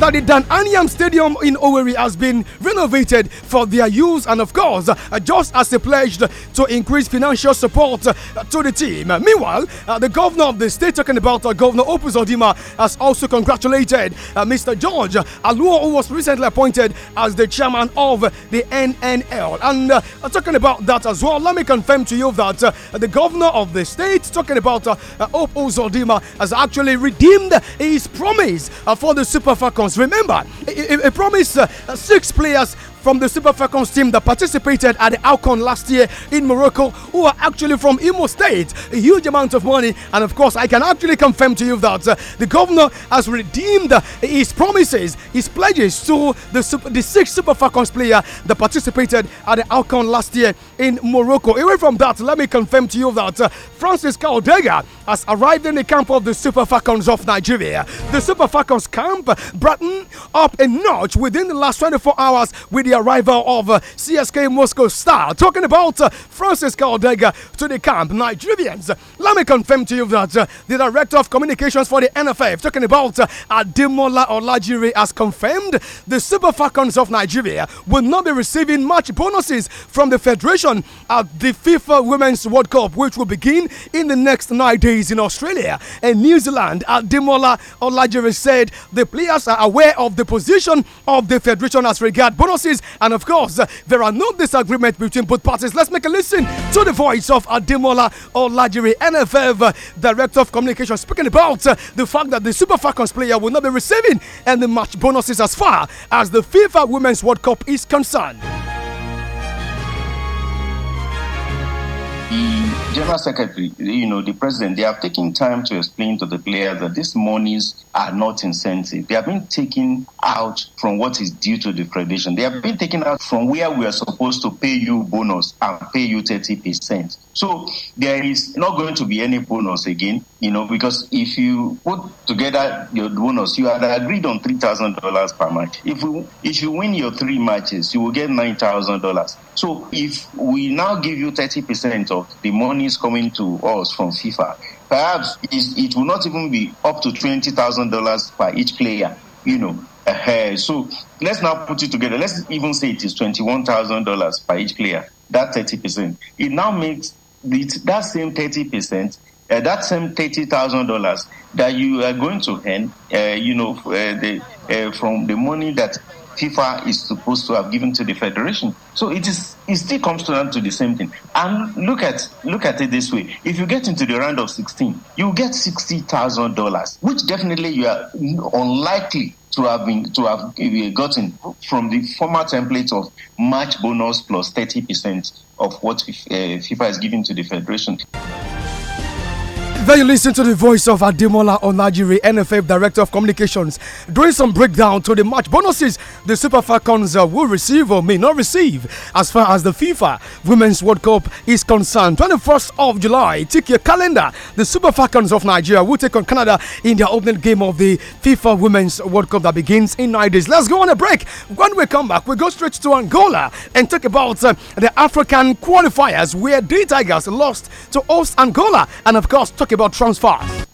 that the Dan Anyam Stadium in Owerri has been renovated for their use and, of course, uh, just as pledged to increase financial support uh, to the team. Meanwhile, uh, the governor of the state, talking about Governor Opus Odima, has also congratulated Mr. George Aluo, who was recently appointed as the chairman of the NNL. And talking about that as well, let me confirm to you that the governor of the state, talking about uh, Opus Odima, has actually redeemed his promise for the Super Falcons. Falcons. Remember, a, a, a promise uh, six players from the Super Falcons team that participated at the Alcon last year in Morocco, who are actually from Imo State. A huge amount of money, and of course, I can actually confirm to you that uh, the governor has redeemed uh, his promises, his pledges to the super, the six Super Falcons player that participated at the Alcon last year in Morocco. Away from that, let me confirm to you that uh, Francis Caldega has arrived in the camp of the Super Falcons of Nigeria. The Super Falcons camp brightened up a notch within the last 24 hours with the arrival of uh, CSK Moscow star. Talking about uh, Francis Caldega to the camp, Nigerians. Let me confirm to you that uh, the director of communications for the NFF, talking about uh, Ademola Olajire, has confirmed the Super Falcons of Nigeria will not be receiving much bonuses from the federation at the FIFA Women's World Cup, which will begin in the next nine days in Australia and New Zealand. Ademola Olajere said the players are aware of the position of the federation as regard bonuses, and of course, there are no disagreements between both parties. Let's make a listen to the voice of Ademola Olajere, NFF Director of Communication, speaking about uh, the fact that the Super Falcons player will not be receiving any match bonuses as far as the FIFA Women's World Cup is concerned. Mm. General Secretary, you know, the President, they have taken time to explain to the players that these monies are not incentive. They have been taken out from what is due to the Federation. They have been taken out from where we are supposed to pay you bonus and pay you 30%. So there is not going to be any bonus again you know, because if you put together your bonus, you had agreed on three thousand dollars per match. If you if you win your three matches, you will get nine thousand dollars. So if we now give you thirty percent of the money is coming to us from FIFA, perhaps it will not even be up to twenty thousand dollars per each player. You know, uh, so let's now put it together. Let's even say it is twenty-one thousand dollars per each player. That thirty percent. It now makes the, that same thirty percent uh, that same thirty thousand dollars that you are going to earn, uh, you know, uh, the, uh, from the money that FIFA is supposed to have given to the federation. So it is it still comes down to the same thing. And look at look at it this way: if you get into the round of sixteen, you get sixty thousand dollars, which definitely you are unlikely to have been to have uh, gotten from the former template of match bonus plus thirty percent of what uh, FIFA is giving to the federation. Then you listen to the voice of Ademola Onajiri, NFF Director of Communications, doing some breakdown to the match bonuses the Super Falcons uh, will receive or may not receive as far as the FIFA Women's World Cup is concerned. 21st of July, take your calendar. The Super Falcons of Nigeria will take on Canada in their opening game of the FIFA Women's World Cup that begins in nine days. Let's go on a break. When we come back, we go straight to Angola and talk about uh, the African qualifiers where the Tigers lost to host Angola and, of course, talk basketball transfers.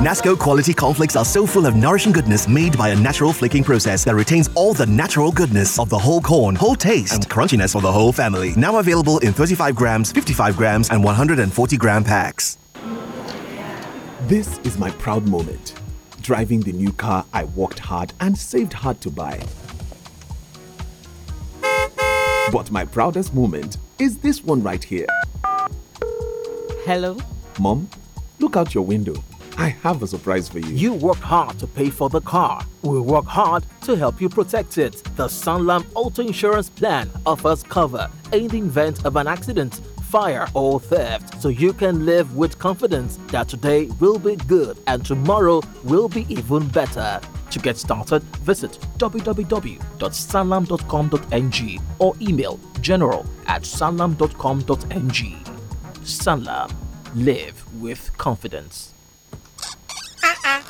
Nasco quality cornflakes are so full of nourishing goodness made by a natural flaking process that retains all the natural goodness of the whole corn, whole taste, and crunchiness for the whole family. Now available in 35 grams, 55 grams, and 140 gram packs. This is my proud moment. Driving the new car I worked hard and saved hard to buy. But my proudest moment is this one right here. Hello? Mom, look out your window. I have a surprise for you. You worked hard to pay for the car. We work hard to help you protect it. The Sunlam Auto Insurance Plan offers cover in the event of an accident fire, or theft, so you can live with confidence that today will be good and tomorrow will be even better. To get started, visit www.sanlam.com.ng or email general at sanlam.com.ng. Sanlam. Live with confidence.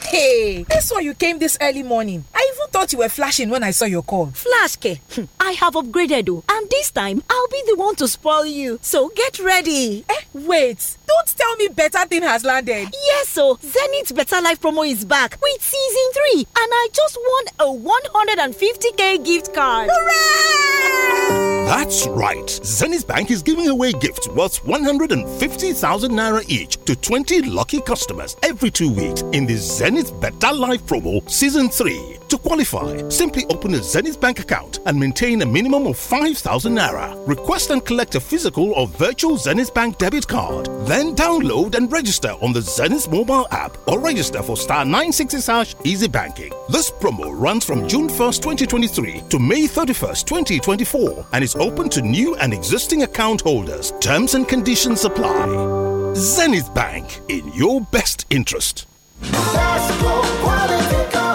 Hey, that's why you came this early morning. I even thought you were flashing when I saw your call. Flash, Ke. Hm, I have upgraded, oh, and this time I'll be the one to spoil you. So get ready. Eh, wait. Don't tell me better thing has landed. Yes, so Zenith Better Life promo is back with season 3, and I just won a 150k gift card. Hooray! That's right. Zenith Bank is giving away gifts worth 150,000 naira each to 20 lucky customers every two weeks in the Zenith Zenith Better Life promo season 3. To qualify, simply open a Zenith Bank account and maintain a minimum of 5,000 naira. Request and collect a physical or virtual Zenith Bank debit card. Then download and register on the Zenith mobile app or register for star 960 hash easy banking. This promo runs from June 1st, 2023 to May 31st, 2024 and is open to new and existing account holders. Terms and conditions apply. Zenith Bank in your best interest.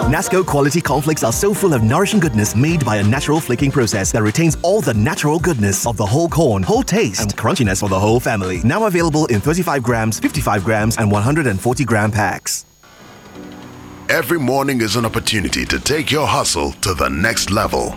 Nasco quality cornflakes are so full of nourishing goodness made by a natural flaking process that retains all the natural goodness of the whole corn, whole taste, and crunchiness for the whole family. Now available in 35 grams, 55 grams, and 140 gram packs. Every morning is an opportunity to take your hustle to the next level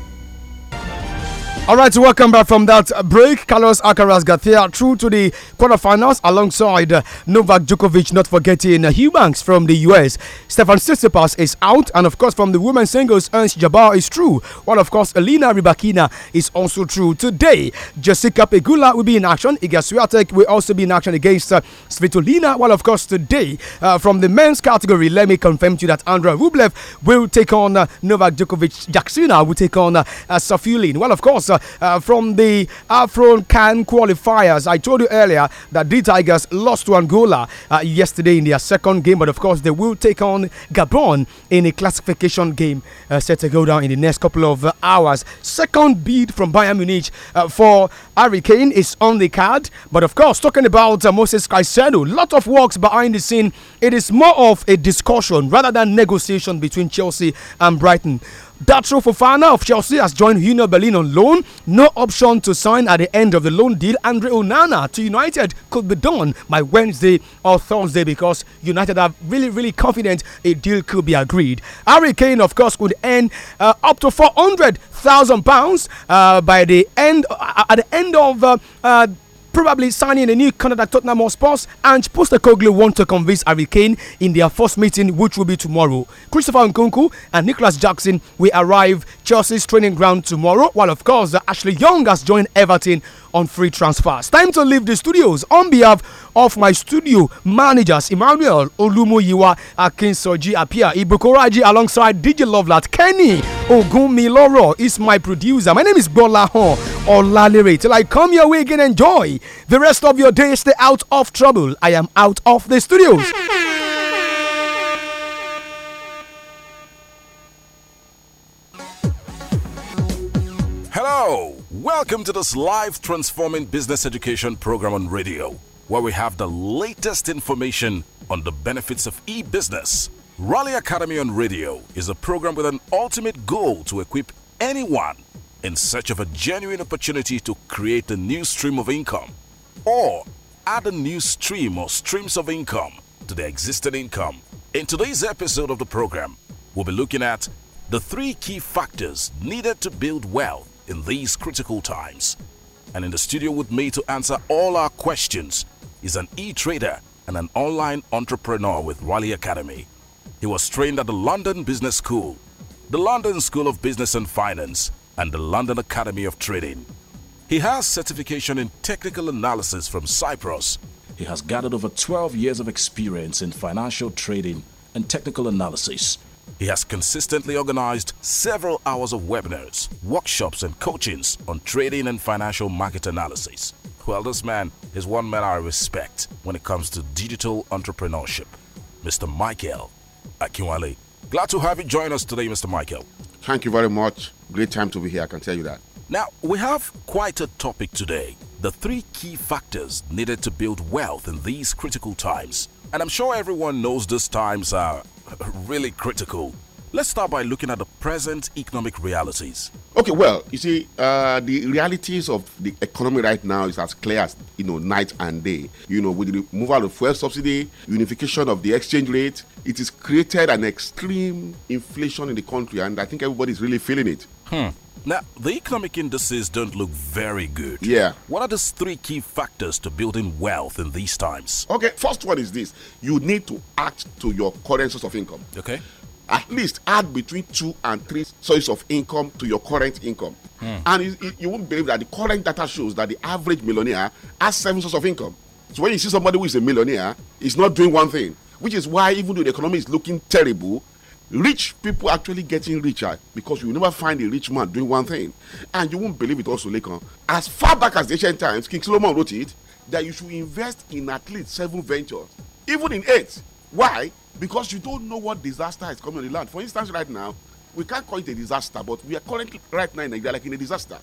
All right, welcome back from that break. Carlos Alcaraz Garcia through to the quarterfinals alongside uh, Novak Djokovic, not forgetting uh, Hugh Banks from the US. Stefan Tsitsipas is out, and of course, from the women's singles, Ernst Jabbar is true. While, of course, Elena Rybakina is also true today. Jessica Pegula will be in action. Iga Swiatek will also be in action against uh, Svitolina. While, of course, today, uh, from the men's category, let me confirm to you that Andrei Rublev will take on uh, Novak Djokovic. Jaksina will take on uh, Safulin. Well, of course, uh, from the Afro Can qualifiers. I told you earlier that the Tigers lost to Angola uh, yesterday in their second game, but of course they will take on Gabon in a classification game uh, set to go down in the next couple of hours. Second bid from Bayern Munich for Harry Kane is on the card, but of course talking about Moses Caicedo, lot of works behind the scene. It is more of a discussion rather than negotiation between Chelsea and Brighton. Datro Fofana of Chelsea has joined Union Berlin on loan. No option to sign at the end of the loan deal. Andre Onana to United could be done by Wednesday or Thursday because United are really, really confident a deal could be agreed. Harry Kane, of course, could earn uh, up to 400,000 uh, pounds by the end uh, at the end of uh, uh, probably signing a new contract at Tottenham Hotspurs, and Postecoglou want to convince Harry Kane in their first meeting, which will be tomorrow. Christopher Nkunku and Nicholas Jackson will arrive Chelsea's training ground tomorrow, while of course Ashley Young has joined Everton on free transfers. Time to leave the studios on behalf of my studio managers Emmanuel Olumoyiwa Akinsoji Apia Ibukoraji alongside DJ Lovelat Kenny Ogumiloro is my producer. My name is Bola Hon Olalere. Till I come your way again, enjoy the rest of your day. Stay out of trouble. I am out of the studios. Hello. Welcome to this live transforming business education program on radio, where we have the latest information on the benefits of e business. Raleigh Academy on Radio is a program with an ultimate goal to equip anyone in search of a genuine opportunity to create a new stream of income or add a new stream or streams of income to their existing income. In today's episode of the program, we'll be looking at the three key factors needed to build wealth in these critical times. And in the studio with me to answer all our questions is an e-trader and an online entrepreneur with Raleigh Academy. He was trained at the London Business School, the London School of Business and Finance, and the London Academy of Trading. He has certification in technical analysis from Cyprus. He has gathered over 12 years of experience in financial trading and technical analysis he has consistently organized several hours of webinars, workshops, and coachings on trading and financial market analysis. Well, this man is one man I respect when it comes to digital entrepreneurship, Mr. Michael Akinwale. Glad to have you join us today, Mr. Michael. Thank you very much. Great time to be here, I can tell you that. Now, we have quite a topic today the three key factors needed to build wealth in these critical times. And I'm sure everyone knows these times are really critical. Let's start by looking at the present economic realities. Okay, well, you see, uh, the realities of the economy right now is as clear as you know night and day. You know, with the removal of fuel subsidy, unification of the exchange rate, it has created an extreme inflation in the country, and I think everybody is really feeling it. Hmm. Now, the economic indices don't look very good. Yeah. What are the three key factors to building wealth in these times? Okay, first one is this you need to add to your current source of income. Okay. At least add between two and three sources of income to your current income. Hmm. And you won't believe that the current data shows that the average millionaire has seven sources of income. So when you see somebody who is a millionaire, he's not doing one thing, which is why even though the economy is looking terrible, rich people actually getting richer because you will never find a rich man doing one thing and you won't believe it also later as far back as the ancient times king solomon wrote it that you should invest in at least seven ventures even in eight why because you don't know what disaster is coming on the land for instance right now we can't call it a disaster but we are currently right now in nigeria like in a disaster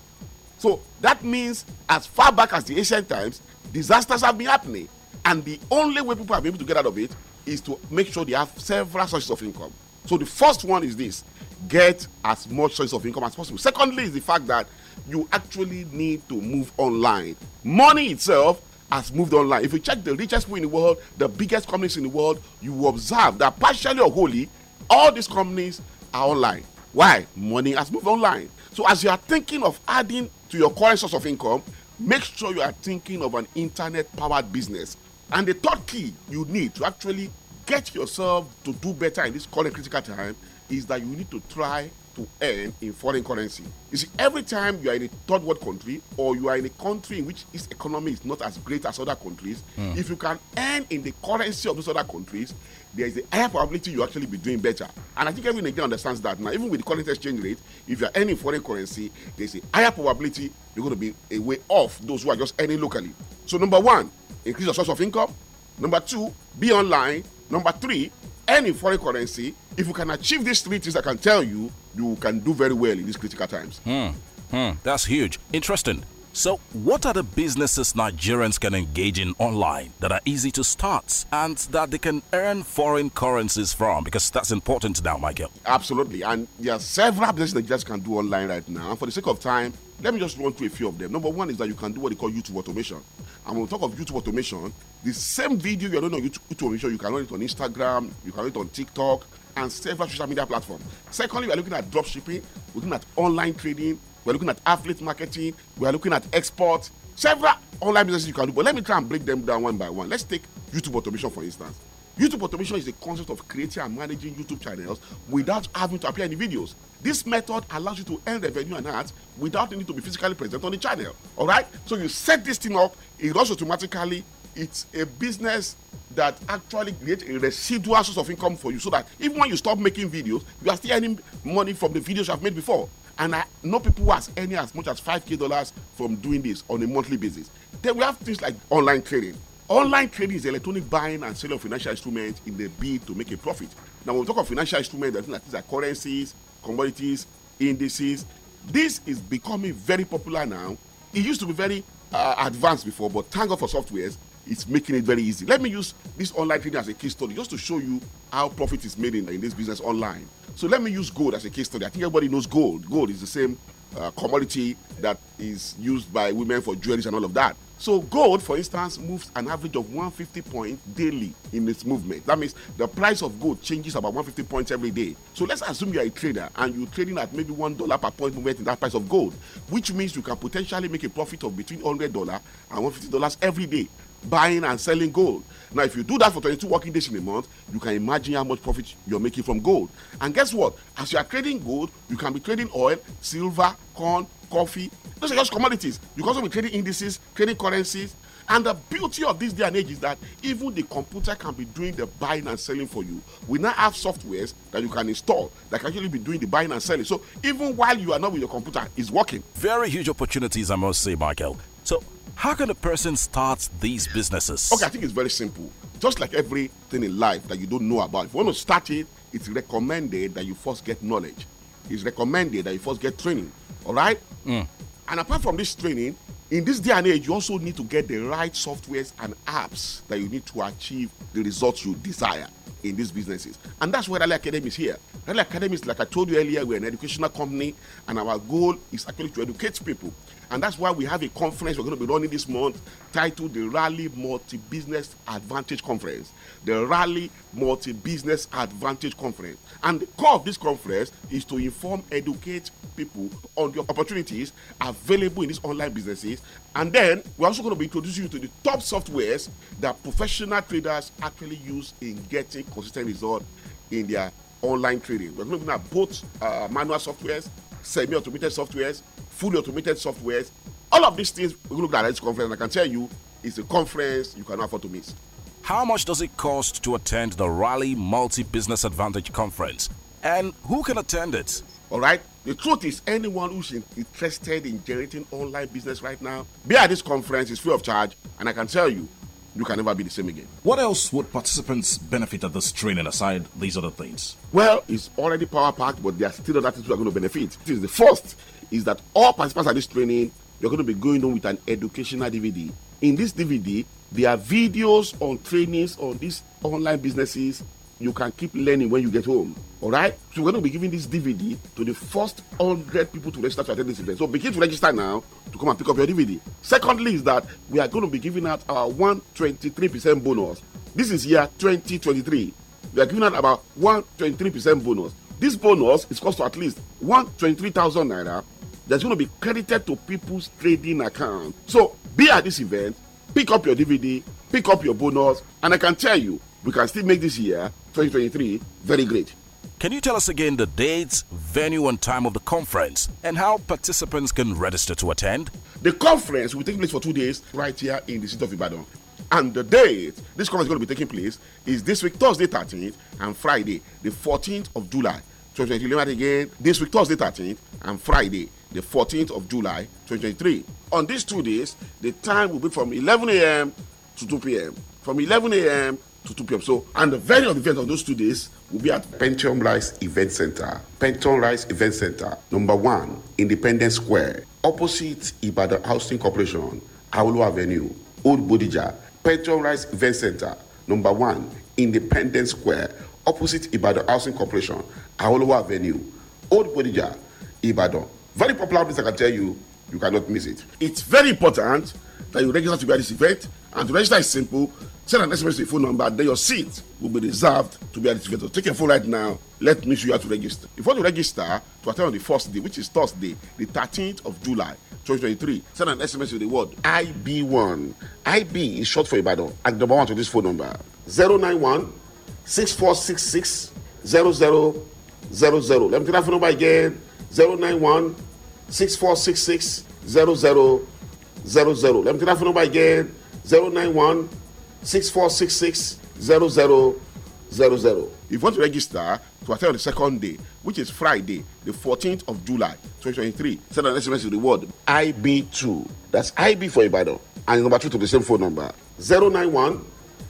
so that means as far back as the ancient times disasters have been happening and the only way people have been able to get out of it is to make sure they have several sources of income so the first one is this get as much source of income as possible. Secondly, is the fact that you actually need to move online. Money itself has moved online. If you check the richest people in the world, the biggest companies in the world, you observe that partially or wholly, all these companies are online. Why? Money has moved online. So as you are thinking of adding to your current source of income, make sure you are thinking of an internet powered business. And the third key you need to actually get yourself to do better in this current critical time is that you need to try to earn in foreign currency. You see, every time you are in a third world country or you are in a country in which its economy is not as great as other countries, mm. if you can earn in the currency of those other countries, there is a higher probability you actually be doing better. And I think everyone again understands that now. Even with the current exchange rate, if you are earning foreign currency, there is a higher probability you're going to be a way off those who are just earning locally. So number one, increase your source of income. Number two, be online Number three, any foreign currency, if you can achieve these three things, I can tell you, you can do very well in these critical times. Hmm. Hmm. That's huge. Interesting. So, what are the businesses Nigerians can engage in online that are easy to start and that they can earn foreign currencies from? Because that's important now, Michael. Absolutely. And there are several businesses just can do online right now. And for the sake of time, let me just run through a few of them. Number one is that you can do what they call YouTube automation. And when we talk of YouTube automation, the same video you're doing on YouTube automation, you can run it on Instagram, you can run it on TikTok, and several social media platforms. Secondly, we're looking at dropshipping, we're looking at online trading, we're looking at affiliate marketing, we're looking at export, several online businesses you can do. But let me try and break them down one by one. Let's take YouTube automation, for instance. YouTube automation is the concept of creating and managing YouTube channels without having to appear in videos. This method allows you to earn revenue and ads without needing to be physically present on the channel. All right? So you set this thing up, it runs automatically. It's a business that actually creates a residual source of income for you so that even when you stop making videos, you are still earning money from the videos you've made before. And I know people who are earning as much as 5k dollars from doing this on a monthly basis. Then we have things like online trading. Online trading is electronic buying and selling of financial instruments in the bid to make a profit. Now, when we talk of financial instruments, I think that these are currencies, commodities, indices. This is becoming very popular now. It used to be very uh, advanced before, but thank God for softwares, it's making it very easy. Let me use this online trading as a case study just to show you how profit is made in, in this business online. So let me use gold as a case study. I think everybody knows gold. Gold is the same uh, commodity that is used by women for jewelry and all of that. So gold, for instance, moves an average of 150 points daily in its movement. That means the price of gold changes about 150 points every day. So let's assume you're a trader and you're trading at maybe one dollar per point movement in that price of gold, which means you can potentially make a profit of between 100 dollar and 150 dollars every day buying and selling gold. Now, if you do that for 22 working days in a month, you can imagine how much profit you're making from gold. And guess what? As you are trading gold, you can be trading oil, silver, corn, coffee. Those are just commodities. You can also be trading indices, trading currencies. And the beauty of this day and age is that even the computer can be doing the buying and selling for you. We now have softwares that you can install that can actually be doing the buying and selling. So even while you are not with your computer, it's working. Very huge opportunities, I must say, Michael. So how can a person start these businesses? Okay, I think it's very simple. Just like everything in life that you don't know about, if you want to start it, it's recommended that you first get knowledge it's recommended that you first get training. All right? Mm. And apart from this training, in this day and age, you also need to get the right softwares and apps that you need to achieve the results you desire in these businesses. And that's where Rally Academy is here. Rally Academy is, like I told you earlier, we're an educational company, and our goal is actually to educate people. And that's why we have a conference we're going to be running this month titled the Rally Multi Business Advantage Conference. The Rally Multi Business Advantage Conference. And the core of this conference is to inform, educate people on the opportunities available in these online businesses. And then we're also going to be introducing you to the top softwares that professional traders actually use in getting consistent results in their online trading. We're going to at both uh, manual softwares semi-automated softwares, fully automated softwares. All of these things we look at this conference. I can tell you, it's a conference you cannot afford to miss. How much does it cost to attend the Raleigh Multi Business Advantage Conference, and who can attend it? All right. The truth is, anyone who's interested in generating online business right now, be at this conference is free of charge, and I can tell you, you can never be the same again. What else would participants benefit at this training aside these other things? Well, it's already power packed, but there are still other things we are going to benefit. It is the first is that all participants at this training, you're going to be going on with an educational DVD. In this DVD, there are videos on trainings on these online businesses you can keep learning when you get home. All right. So we're going to be giving this DVD to the first hundred people to register to attend this event. So begin to register now to come and pick up your DVD. Secondly, is that we are going to be giving out our 123% bonus. This is year 2023. We are giving out about 123% bonus. This bonus is cost to at least 123,000 naira. That's going to be credited to people's trading account. So be at this event, pick up your DVD, pick up your bonus, and I can tell you we can still make this year, 2023, very great. Can you tell us again the dates, venue, and time of the conference and how participants can register to attend? The conference will take place for two days right here in the city of Ibadan. And the date this conference is going to be taking place is this week, Thursday 13th, and Friday, the 14th of July. 2023 again this week, Thursday 13th, and Friday, the 14th of July 2023. On these two days, the time will be from 11 a.m. to 2 p.m. From 11 a.m. to 2 p.m. So, and the venue event on those two days will be at Pentium Rise Event Center. Pentium Rise Event Center, number one, Independence Square, opposite Ibadan Housing Corporation, Aulu Avenue, Old Bodija. Pentium Rise Event Center, number one, Independence Square, opposite Ibadan Housing Corporation, Aulu Avenue, Old Bodija, Ibadan. Very popular place, I can tell you. You cannot miss it. It's very important that you register to be at this event. And to register is simple Send an SMS to your phone number, then your seat will be reserved to be identified. Take your phone right now. Let me show you how to register. Before you register to attend on the first day, which is Thursday, the 13th of July, 2023, send an SMS with the word IB1. IB is short for Ibadan. At number one to this phone number 091 6466 0000. Let me take that phone number again 091 6466 0000. Let me take that phone number again 091 6466 0000. If you want to register to attend on the second day, which is Friday, the 14th of July 2023, send an SMS to the word IB2. That's IB for Ibadan. And number two to the same phone number 091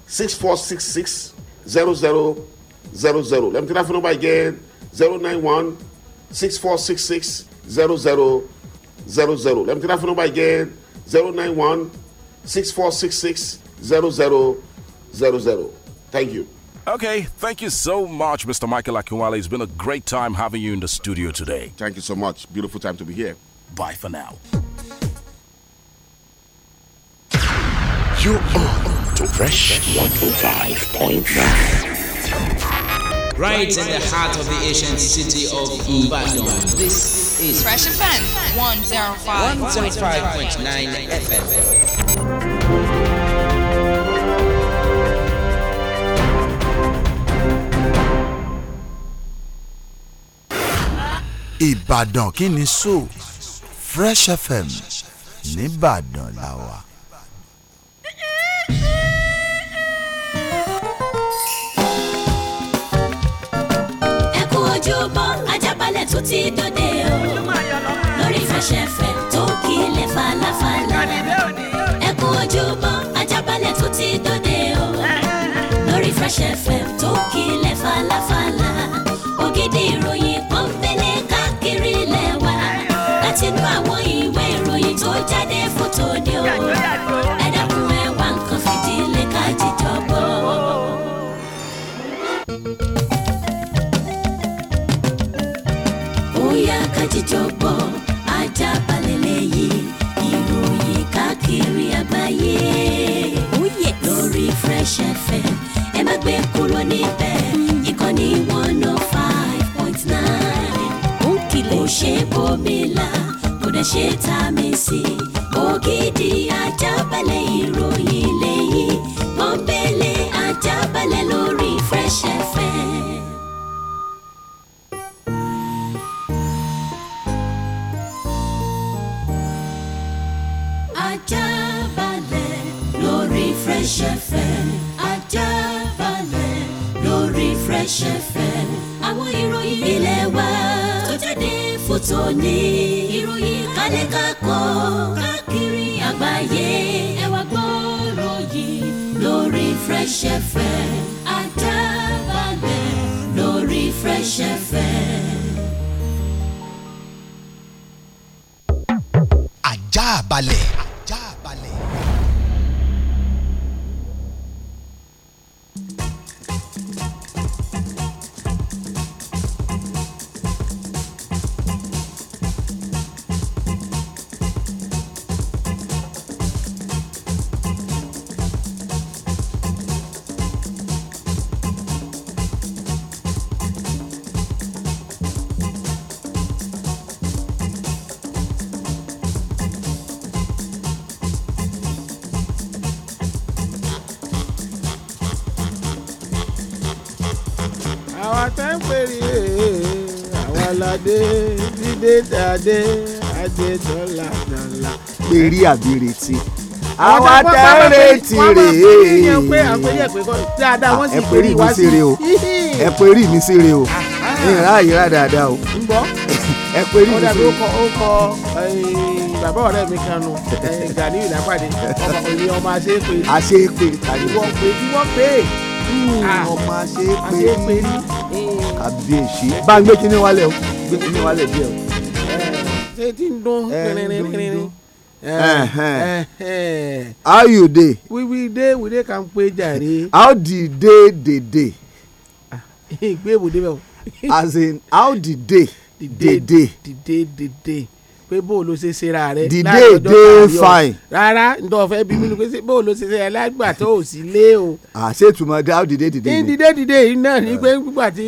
6466 0000. Let me tell that phone number again 091 6466 0000. Let me tell that phone number again 091 6466 0000. Thank you. Okay, thank you so much, Mr. Michael Akinwale. It's been a great time having you in the studio today. Thank you so much. Beautiful time to be here. Bye for now. You are to Fresh 105.9. Right in the heart of the ancient city of Ibadan. This is Fresh Offense 105.9 FM. Ìbàdàn kí ni so Fresh FM nìbàdàn la wà. ẹ kú ojúbọ Ajaabale tó ti dòde o lórí Fresh FM tó kílẹ̀ falafala ẹ kú ojúbọ Ajaabale tó ti dòde o lórí Fresh FM tó kílẹ̀ falafala. jáde fún. lè ṣe tá a mi sí ògidì ajábalẹ̀ ìròyìn lẹ́yìn dé ajé dọ́là dọ́là. péré àbí retí àwọn atẹ́rẹ́tì rèé ẹ péré mi ṣeré o ẹ péré mi ṣeré o ìrà ìrà dáadáa o ẹ péré mi ṣeré o bàbá ọ̀rẹ́ mi kan nù Gani ìlàpàdé ọmọ òní ọmọ àṣepé. àṣepé tàbí wọ́n pè kí wọ́n pè é. Hmm, ah, ọmọ àṣepé rí kàbíyèsí bá ń gbé kinní wálẹ̀ o gbé kinní wálẹ̀ díẹ̀ o tí ń dún how you dey. we we dey we dey kampe jare. how the day dey dey. Ah, ìgbé ìbòdè bẹ́ẹ̀ as in how the day dey dey. the day dey dey pé bó o lo ṣe ṣera rẹ. the day dey fine. rárá n tó fẹ́ bí mi ni pé bó o lo ṣe ṣera lágbà tó o sì lé o. àṣetumọ̀ dá o dìde dìde ni. dìde dìde yìí náà ni pé nígbà tí.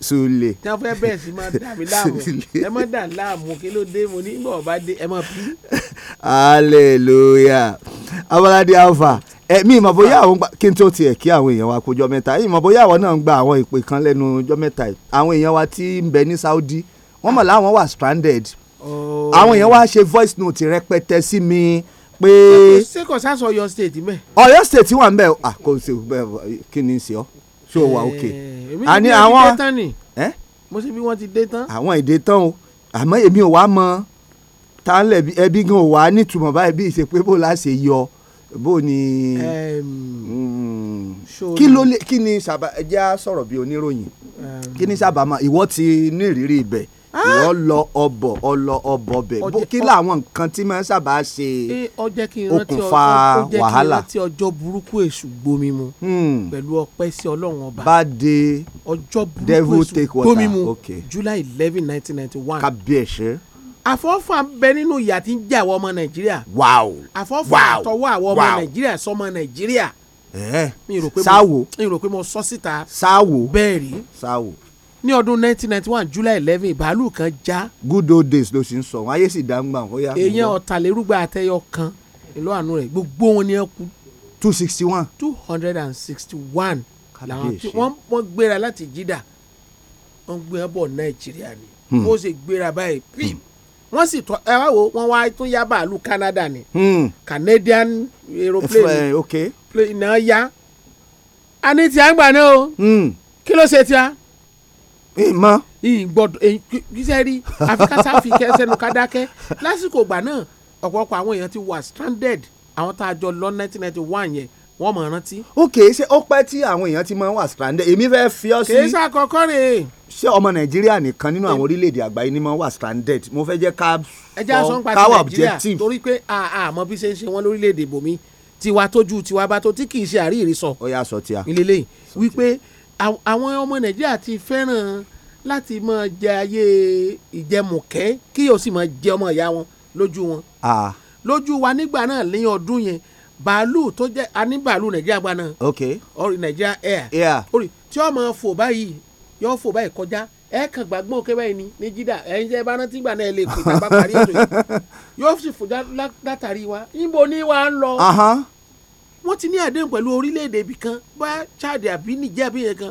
sule. tí wọ́n fẹ́ bẹ̀rẹ̀ sí máa dà mí láàmú ẹ má dà láàmú kí ló dé mo ní ìgbà ọba dé ẹ má bí. hallelujah abalade alpha ẹ̀mí ìmọ̀ bóyá àwọn kí n tó tiẹ̀ kí àwọn èèyàn wa kó jọ mẹ́ta ìmọ̀ bóyá àwọn náà ń gba àwọn ìpè kan lẹ́nu jọ mẹ́ta àwọn èèyàn wa tí ń bẹ ní Saudi wọ́n mọ̀ láwọn wà stranded Oh. àwọn èèyàn wá ṣe voice note rẹpẹtẹ sí mi pé. ṣé kò sá sọ Ọ̀yọ́ state mẹ. Ọ̀yọ́ state wà nbẹ à ah, kò sí kí ni sí ọ ṣó wà òkè. Eh, àní àwọn mo ṣe bí wọ́n ti dé tán. àwọn èdè tán o àmọ́ èmi ò wá mọ tá ń lẹ̀bi ẹbí gan ò wá nítumọ̀ báyìí bí ìṣe bó la ṣe yọ bó ni hmm. kí ló lè kí ni sábà ẹ jẹ́ sọ̀rọ̀ bí oníròyìn kí ni sábà máa ìwọ ti ní ìrírí ibẹ̀. Ah. wọ́n lọ ọbọ̀ ọlọ ọbọ̀ bẹ̀ kí làwọn nǹkan tí máa ń sábà ṣe okùnfà wàhálà. ó jẹ́ kí ọjọ́ burúkú èṣù gbomi mu hmm. pẹ̀lú ọpẹ́ sí ọlọ́run ọba. bá dé ọjọ́ burúkú èṣù gbomi mu july eleven nineteen ninety one. kábíyèsí àfọ́fà bẹ nínú ìyà tí ń jẹ àwọn ọmọ nàìjíríà. wàá àfọ́fà àtọwọ́ àwọn ọmọ nàìjíríà sọmọ nàìjíríà. ẹ eh, sáwò mi rò pé mo sọ síta. sáwò bẹ́ẹ̀ rí. sáwò ní ọdún 1991 July 11 bàálù kan já. good old days ló sì ń sọ wọn ayé sì dáńgbà ó yá. èèyàn ọ̀tàlérúgba àtẹyọ kan ìlú àánú rẹ̀ gbogbo wọn ni ẹ kú. two sixty one. two hundred and sixty one. làwọn tí wọ́n wọ́n gbéra láti jídà wọ́n gbéra bọ̀ nàìjíríà ni hmm. wọ́n sì gbéra báyìí pim hmm. wọ́n sì tọ́ ẹ wá wo wọ́n wá tún yá bàálù Canada ni hmm. Canadian aeroplane plane náà yá. a ní tí a ń gbà náà o kí ló ṣe tí a ìmọ̀. ìgbọ́dọ̀ iṣẹ́ rí àfikàsá fi kẹsẹ́nu kádákẹ́ lásìkò ìgbà náà ọ̀pọ̀lọpọ̀ àwọn èèyàn ti wà stranded àwọn tá a jọ lọ 1991 yẹn wọ́n mọ̀ rántí. ó kèé ṣe ó pẹ́ tí àwọn èèyàn ti máa ń wà stranded èmi fẹ́ fi ọ́ sí. kèé ṣe àkọ́kọ́ rè é. ṣé ọmọ nàìjíríà nìkan nínú àwọn orílẹ̀-èdè àgbáyé ni máa ń wà stranded mo fẹ́ jẹ́ ká sọ ká wà objective. torí pé àmọ́ bí ṣe ń ṣe wọ́n lórílẹ̀-èdè bòmí tiwa tójú tiwa bá tó tí kì í ṣe àríyìn sọ. ó yà sọ tíya. ilé lẹ́yìn wípé àwọn ọmọ nàìjíríà ti fẹ́ràn láti máa jẹ ayé ìjẹmùkẹ́ kí o sì máa jẹ ọmọ ìyá wọn lójú wọn. lójú wa nígbà náà lẹ́yìn ọdún yẹn bàálù tó jẹ́ a bàálù nàìjíríà gba náà. ok orí nàìjíríà air. air orí tí ó máa fò báyìí yóò fò báyìí kọjá ẹ kàn gbàgbọ́n òkè báyìí ni ní jídà ẹ̀yin jẹ́ bá rántí gbà náà ẹ lè pè tàbá parí ètò yìí yóò sì fò látàrí wa níbo ni wàá ń lọ wọ́n ti ní àdéhùn pẹ̀lú orílẹ̀-èdè ibì kan bá Chad àbí Niger àbí yẹn kan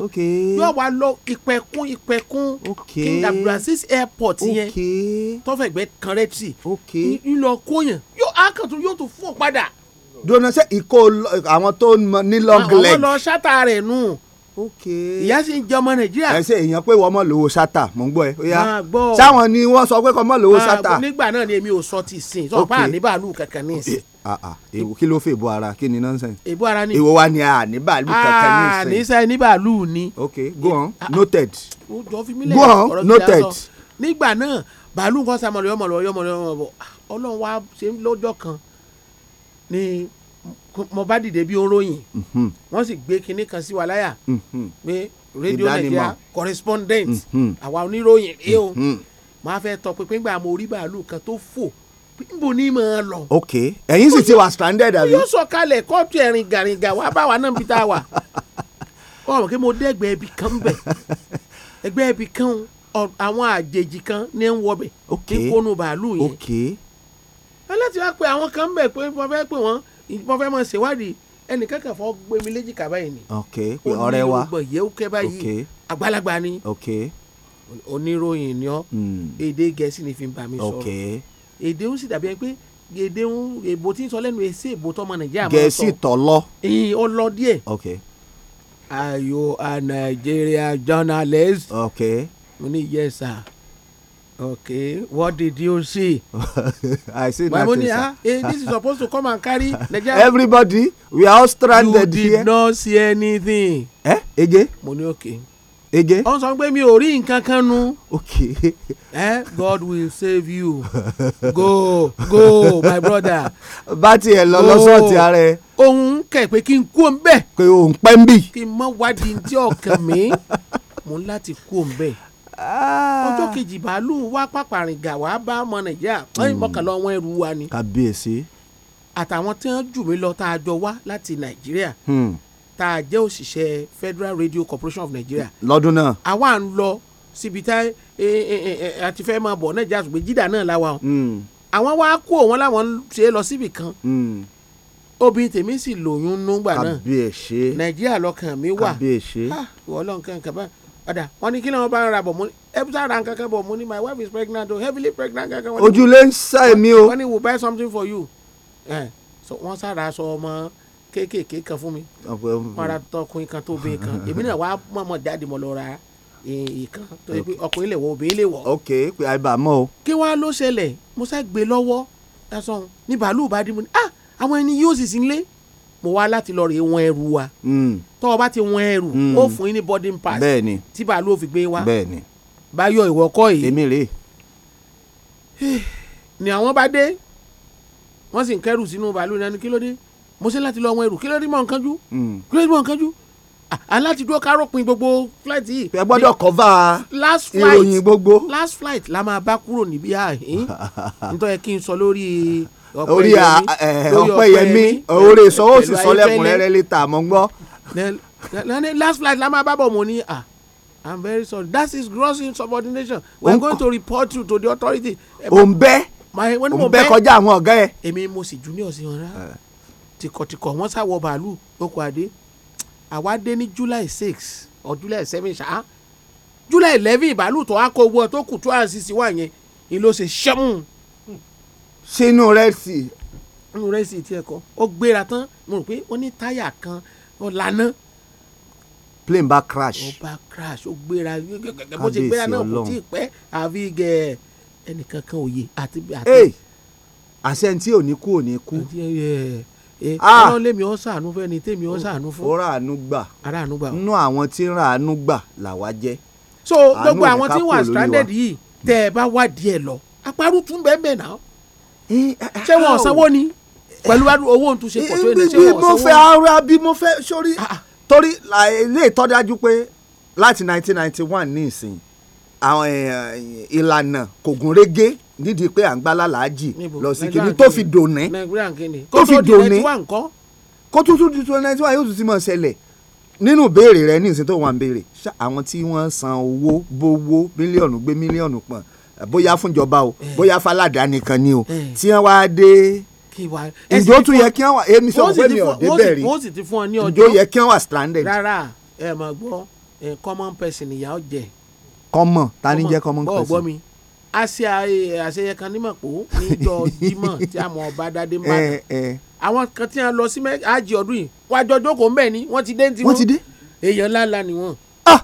yóò wá lọ ìpẹ̀kun ìpẹ̀kun King Abdulaziz airport yẹn tọ́fẹ̀gbẹ́ kan rẹ̀ tì ńlọ kóyàn yóò àkàtú yóò tún fún ọ padà. dona ṣe ìkó àwọn tó ní long leg. àwọn lọ ṣáta rẹ̀ nù ìyá sì ń jẹ ọmọ nàìjíríà. ẹ ṣe èèyàn pé wọ́n mọ̀ lówó sátà mò ń gbọ́ ẹ. máa gbọ́ sáwọn ni wọ́n sọ pé kọ́ mọ̀ lówó sátà. nígbà náà ni èmi ò sọ ti sìn sọ pé àníbàálù kankan ní ìsìn. Ah, ah. kí ló fẹ́ èbó ara kí ni nonsense. èbó ara ni èwo wa ni a ah, ní bàálù kankan ní ìsẹ́yìn. ní ìsẹ́yìn bàálù ni. ok go on noted. jọ fi mí lẹ́yìn ọ̀rọ̀ mi dá sọ nígbà náà bàálù kan sàmọ̀lẹ̀ yọmọ̀lẹ̀ yọmọ̀lẹ̀ yọmọ̀lẹ̀ ọlọ́run wa ṣe lọ́jọ́ kan ni mo bá dìde bí oróyìn mhm. wọ́n sì gbé kinní kan sí wa láyà mhm. pé radio Nigeria correspondent mhm. àwa oníròyìn ẹ o máa fẹ́ tọpinpin gbà mo rí bàálù kan tó fò níbo ni mà á lọ. ok ẹ̀yin sì ti wà stranded àbí. yóò sọ kalẹ̀ kóòtù ẹ̀rìn gàrìngà wàá bá wa náà bí tá a wà. ọ̀rọ̀ kí mo dé ẹgbẹ́ ibì kan bẹ̀ ẹgbẹ́ ibì kan àwọn àjèjì kan ní ń wọbẹ̀ ní kónú bàálù yẹn. ok aláti wá pé àwọn kan bẹ̀ pé mo fẹ́ pé wọ́n mo fẹ́ mọ̀ ṣèwádìí ẹnìkan kan fọ́ gbé mi léjìká báyìí ni. ok ọ̀rẹ́ wa onílùgbọ̀n yẹ́wò kẹ́ báyìí àgbàlagbà ni èdè ń sì dàbí ẹni pé èdè ń èbó tí ń sọ lẹ́nu èsì èbó tọmọ nàìjíríà máa sọ gẹ̀ẹ́sì tọ̀ lọ. ìyìn ó lọ díẹ̀. okay. Ayo a Nigeria journalist. okay. mo ní yes sir. okay what did you see. i see nothing sir. mamoni ah hey, eh, this is supposed to come and carry Nigeria. everybody we are all stranded here. you did here. not see anything. ẹ eh? ege. mo ní okay ege. ó ń sọ pé mi ò rí nǹkan kan nu. ok. eh, God will save you go go my brother. bá tiẹ̀ lọ lọ́sọ̀ ti ara ẹ. òun kẹ̀ pé kí n kú òun bẹ́ẹ̀. pé òun pẹ́ ń bì. kí n mọ wádìí tí ọkàn mi mú láti kú òun bẹ́ẹ̀. Ah. ọjọ́ kejì bàálù wá pàpàrìn gà wá bá ọmọ nàìjíríà wọ́n hmm. mọ̀kànlá wọn ẹrù wa ni. kàbíyèsí. àtàwọn tí wọ́n jù mí lọ tá a jọ wá láti nàìjíríà. Hmm tá a jẹ́ òṣìṣẹ́ Federal Radio Corporation of Nigeria. lọ́dún náà. àwa ń lọ síbi tá àti fẹ́ máa bọ̀ náà jẹ́ àtúgbè jídà náà la wa. Hmm. àwọn wá kó wọn láwọn ṣe lọ síbì kan. Hmm. obìnrin tèmi sì lóyún nùgbà náà. kàbíyèsé. nàìjíríà lọkàn mi wà. kàbíyèsé. ìwọ lọ nǹkan kan bá ọ̀dà wọn ní kí lóun bá ń ra bọ̀ mú ẹ̀bùsà ra nǹkan kan bọ̀ mú ni my wife is pregnant o heavily pregnant kankan. ojúlé ń sá èmi o. wọ́n ní we buy something for you. Eh, so wọ́n sára aṣọ ọmọ kéékèèké kan fún mi Mara ra tọkùnrin kan tó obìnrin kan èmi náà wàá mọ̀mọ́ jáde mọ̀ lọ ra ìkan tó yẹ pé ọkùnrin lè wọ obìnrin lè wọ. ok pé àìbàmọ́ o. kí wàá ló ṣẹlẹ̀ mo sá gbé lọ́wọ́ lásán ní bàálù bá dé mo ní ah àwọn ẹni yóò sì sí ilé mo wá láti lọ rè é wọn ẹrù wa hmm. tọ́ ọ bá ti wọn ẹrù ó hmm. fún yín ní boarding pass tí bàálù ò fi gbé wa báyọ̀ ìwọ kọ́ yìí èmi rèé ni àwọn bá dé wọ́n sì ń kẹ́rù sínú bàálù náà ní kí ló dé mo ṣe láti lọ wọn ẹrù kí ló rí mọ́ nǹkan jú kí ló rí mọ́ nǹkan jú aláti dúró ká rọpin gbogbo flight yìí. ẹ gbọ́dọ̀ cover ìròyìn gbogbo. last flight la máa bá kúrò níbí àhín nítorí kí n sọ lórí orí ọpẹ́yẹmí orí ìsọwọ́ òsì sọ lẹ́kùnrẹ́rẹ́ létà mọ́ gbọ́. last flight la máa bá bọ̀ mo ní à i'm very sorry that is gross insubordination we are going to report you to the authority. òǹbẹ́ òǹbẹ́ kọjá àwọn ọ̀gá ẹ̀. èmi mo sì junior sí wọn rárá tìkọ̀tìkọ̀ wọ́n sá wọ bàálù lóko adé àwa dé ní July six or July seven ṣáá July eleven bàálù tó wá kó owó tó kù two hundred sixty one yẹn ni ló ṣe ṣẹ́mù. sínú Red Sea. inú Red Sea tiẹ̀ kọ́ ó gbéra tán mo rò pé ó ní táyà kan ó lana. plane bá crash. ó bá crash ó gbéra bó ṣe gbéra náà kò tí ì pẹ́ àfi gẹ̀ ẹnìkankan òye àti. àṣẹ tí ò ní kú ò ní kú. Eh, Eh, ah! ọlọ́run lèmi ọ́ sàánú fẹ́ni tèmi ọ́ sàánú fún. ó ràánú gbà ràánú làwa jẹ́. so gbogbo àwọn tí wà stranded yìí tẹ ẹ bá wádìí ẹ lọ aparú tún bẹ́ẹ̀ bẹ́ẹ̀ náà eh, eh, ṣé wọn ò ni pẹ̀lú owó òǹtúnṣe pọ̀ tó yẹn ṣé wọn ò bí mo fẹ́ ara bí mo fẹ́ sórí ah, ah. torí ilé ìtọ́jú pé láti 1991 ní ìsìn ìlànà kò gún nídìí pé à ń gbá lálàájì lọ sí kìnìún tó fi dòní tó fi dòní kó tó tún tuntun ninety one yóò tún ti mọ̀ ṣẹlẹ̀ nínú béèrè rẹ ní ìsìn tó wà ń béèrè àwọn tí wọ́n san owó bówó mílíọ̀nù gbé mílíọ̀nù pọ̀n bóyá fúnjọba o eh. bóyá fàlàdà nìkan ni o eh. tí wọ́n wá dé ìjó tún yẹ kí wọ́n wà èmi sọ pé mi ò débẹ̀ rí ìjó yẹ kí wọ́n wà stranded. rárá ẹ mọ̀ gbọ́ common person ìyá ọ̀jẹ̀. common ta ni jẹ́ common person. bọ́ọ̀ a ṣe àṣeyẹ e, kan ní mọ̀pó níjọ́ Jímọ̀ tí a mọ̀ ọba dádé ń bá eh, eh. àwọn kan tí wọ́n lọ sí àjì ọdún yìí wọ́n àjọ jókòó ń bẹ̀ ni wọ́n ti dé ní tiwọn èèyàn ńláńlá ni wọ́n. Ah!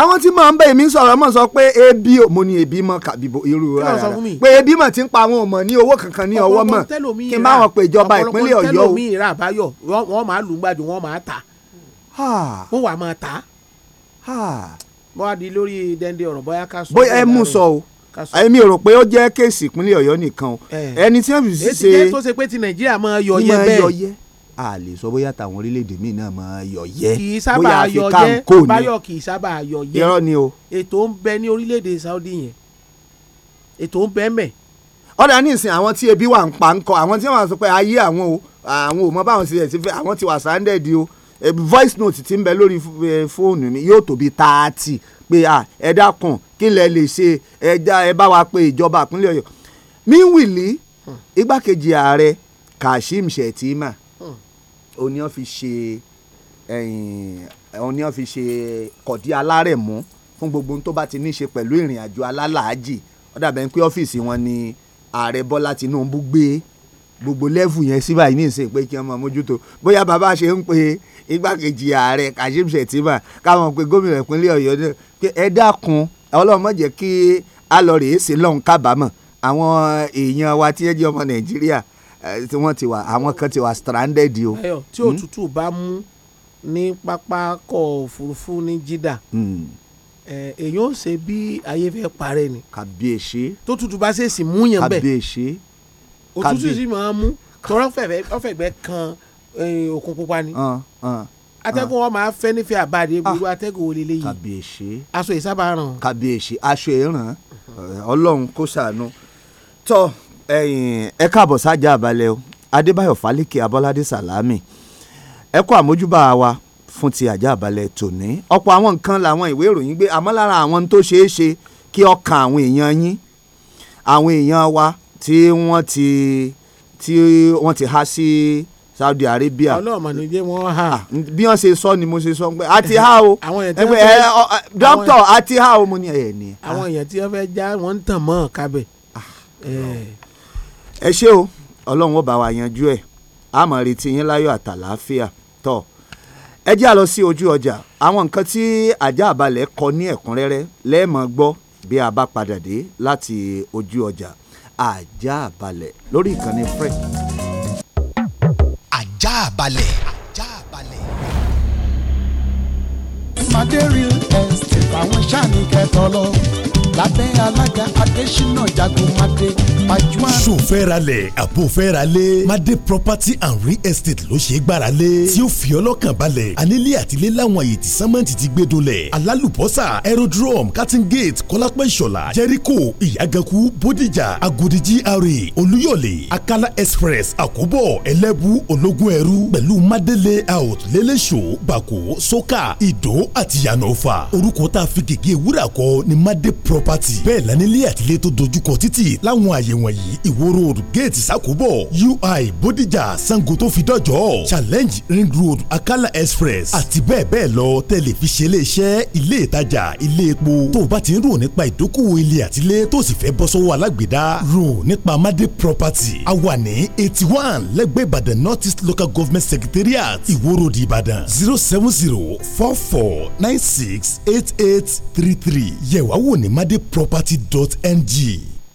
àwọn tí màá ń bẹ èmi sọ̀rọ̀ mọ̀ sọ pé ebi mo ní ebi mọ̀ kàbíbo irú rárá pé ebi mọ̀ ti ń pa àwọn ọmọ ní owó kankan ní ọwọ́ mọ̀ kí n bá wọn pè ìjọba ìpínlẹ̀ Ọ̀yọ́ o. ọ̀pọ̀lọpọ̀ tẹ́lómi ìrà àbáyọ wọ́n máa lù gbàdùn wọ́n máa ta ah! wọ́n wà máa ta bọ́wá di lórí dẹ́ndé ọ̀rọ̀ bóyá ká sọ. bóyá ẹ mú sọ o èmi ò rò pé ó jẹ́ kéèsì ìpínlẹ̀ ọ̀yọ́ nìkan o ẹni tí wọ́n fi ṣe. èsì jẹ́ tó ṣe pé ti nàìjíríà máa yọ yẹ bẹ́ẹ̀ a lè sọ bóyá tàwọn orílẹ̀-èdè míì náà máa yọ yẹ bóyá Áfíríkà ń kò ní. báyọ̀ kì í sábà yọ yẹ irọ́ ni o. ètò ń bẹ ní orílẹ̀-èdè Saudi yẹn ètò ń bẹ mẹ́. ọ̀dà ní ìsìn àwọn tí ebi wà ń pa ń kọ àwọn tí wọ́n sọ pé ayé àwọn o àwọn ò mọ báwọn Eh, voice note ti ń bẹ lórí eh, fóònù mi yóò tó bí thirty pé ẹ dákun kí lẹ lè ṣe ẹ bá wa pé ìjọba ìpínlẹ̀ ọ̀yọ́ miwili hmm. igbákejì ààrẹ kashim shettima hmm. òní wọn fi ṣe òní wọn fi ṣe kọ̀dí alárẹ̀mú fún gbogbo ohun tó bá ti ní í ṣe pẹ̀lú ìrìn àjò alálàájì ó dà bẹ́ẹ̀ ọ́fíìsì wọn ni ààrẹ bọ́lá tinubu gbé gbogbo lẹ́fù yẹn sí báyìí ní ìsìn pé kí wọ́n máa mójútó bóyá bàbá ṣe ń pe igbákejì ààrẹ Kashim Shettima káwọn pe gómìnà ìpínlẹ̀ Ọ̀yọ́ ẹ dákun ọlọ́mọ jẹ́ kí a lọ rèé lọ́hùn kábàámọ̀ àwọn èèyàn wa tí ẹ jẹ́ ọmọ Nàìjíríà tí wọ́n ti wà àwọn kan ti wà stranded o. ayọ̀ tí hmm? òtútù bá mú ní pápákọ̀ òfurufú ní Jidda hmm. èèyàn ó ṣe bí ayé fẹ́ parẹ́ ni. kàbíyèsí. tó tutù bá ṣèṣì mú yẹn bẹ́ẹ̀. kàbíyèsí òtútù sì máa ń mú tọrọ ọfẹgbẹ kan òkun pupa ni atẹ́gùn wọn máa fẹ́ nífẹ̀ẹ́ àbáde ah. gbogbo atẹ́gùn òlele yìí kàbíyèsí aṣọ ìsábà ràn. kàbíyèsí aṣọ ìràn ọlọ́run kó ṣàánú tọ́ ẹ káàbọ̀ sájà àbálẹ̀ o adébáyọ̀ fálékè abọ́ládé sàlámì ẹ kó àmójúbà wa fún ti àjà àbálẹ̀ tòní ọ̀pọ̀ àwọn nǹkan làwọn ìwé ìròyìn gbé àmọ́ lára àwọn tó ṣeé ṣe kí ọkàn àwọn èèyàn yín àwọn èèyàn wa tí wọ́n ti tí wọ́n ti há sí Saudi Arabia. ọlọ́ọ̀mọ̀ ni jẹ́ wọ́n há. bí wọ́n ṣe sọ ni mo ṣe sọ pé a ti há o. àwọn èèyàn tí wọ́n fẹ́ dókítà a ti há o mo ní ẹ̀ ní. àwọn ah. èèyàn tí wọ́n fẹ́ já wọ́n ń tàn mọ́ kábẹ̀. Ah. ẹ ṣé o ọlọ́run ó bá wa yanjú ẹ̀ a máa retí yín láyọ̀ àtàlàáfíà tọ̀ ẹ jẹ́ à lọ sí ojú ọjà àwọn nǹkan tí ajá àbálẹ̀ kọ ní ẹ̀kúnrẹ́rẹ́ lẹ́ẹ̀mọ́ gbọ́ bí a bá padà dé láti ojú ọjà ajá balẹ̀ lórí ìkànnì fresh. ajá balẹ̀. ajá balẹ̀. ìmọ̀dé real estate àwọn sáà ní kẹtọ lọ lábẹ́ alága adésínà jagun máde pajúmọ́. sofẹ́ralẹ̀ àbúfẹ́ralẹ̀ máde property and real estate ló ṣe é gbára lé tí ó fi ọlọ́kàn balẹ̀ anílé àtìlé láwọn àyè tí sẹ́mẹ́ǹtì ti gbé dolẹ̀ alálùbọ́sà aerodrome cutting gate kọ́lápẹ́ ìṣọ̀lá jẹ́ríkò ìyàgànkù bódìjà agodi gra olúyọ̀lé akala express àkóbọ̀ ẹlẹ́bù ológun ẹrú pẹ̀lú máde layout lẹ́lẹ́ṣọ́ bàkó sọ́kà ìdó àti yànnọ́fà orúkọ tá a fi gègé wúrà ni máde property bẹ́ẹ̀ lánílé ilé tó dojúkọ títì láwọn àyè wọ̀nyí ìwó road gate sakobo ui bodija sango tó fi dọ́jọ́ challenge ring road akala express àti bẹ́ẹ̀ bẹ́ẹ̀ lọ tẹlifíṣẹ́ iléeṣẹ́ ilé ìtajà ilé epo tó o bá ti ń rò nípa ìdókòwò ilé àtilé tó sì fẹ́ bọ́ sọ́wọ́ alágbèédá rò nípa amadé property a ní eighty one lẹ́gbẹ̀ẹ́ ìbàdàn north east local government secretariat ìwó road ìbàdàn zero seven zero four four nine six eight eight three three yẹ̀wá wò ní amadé property dot n ng.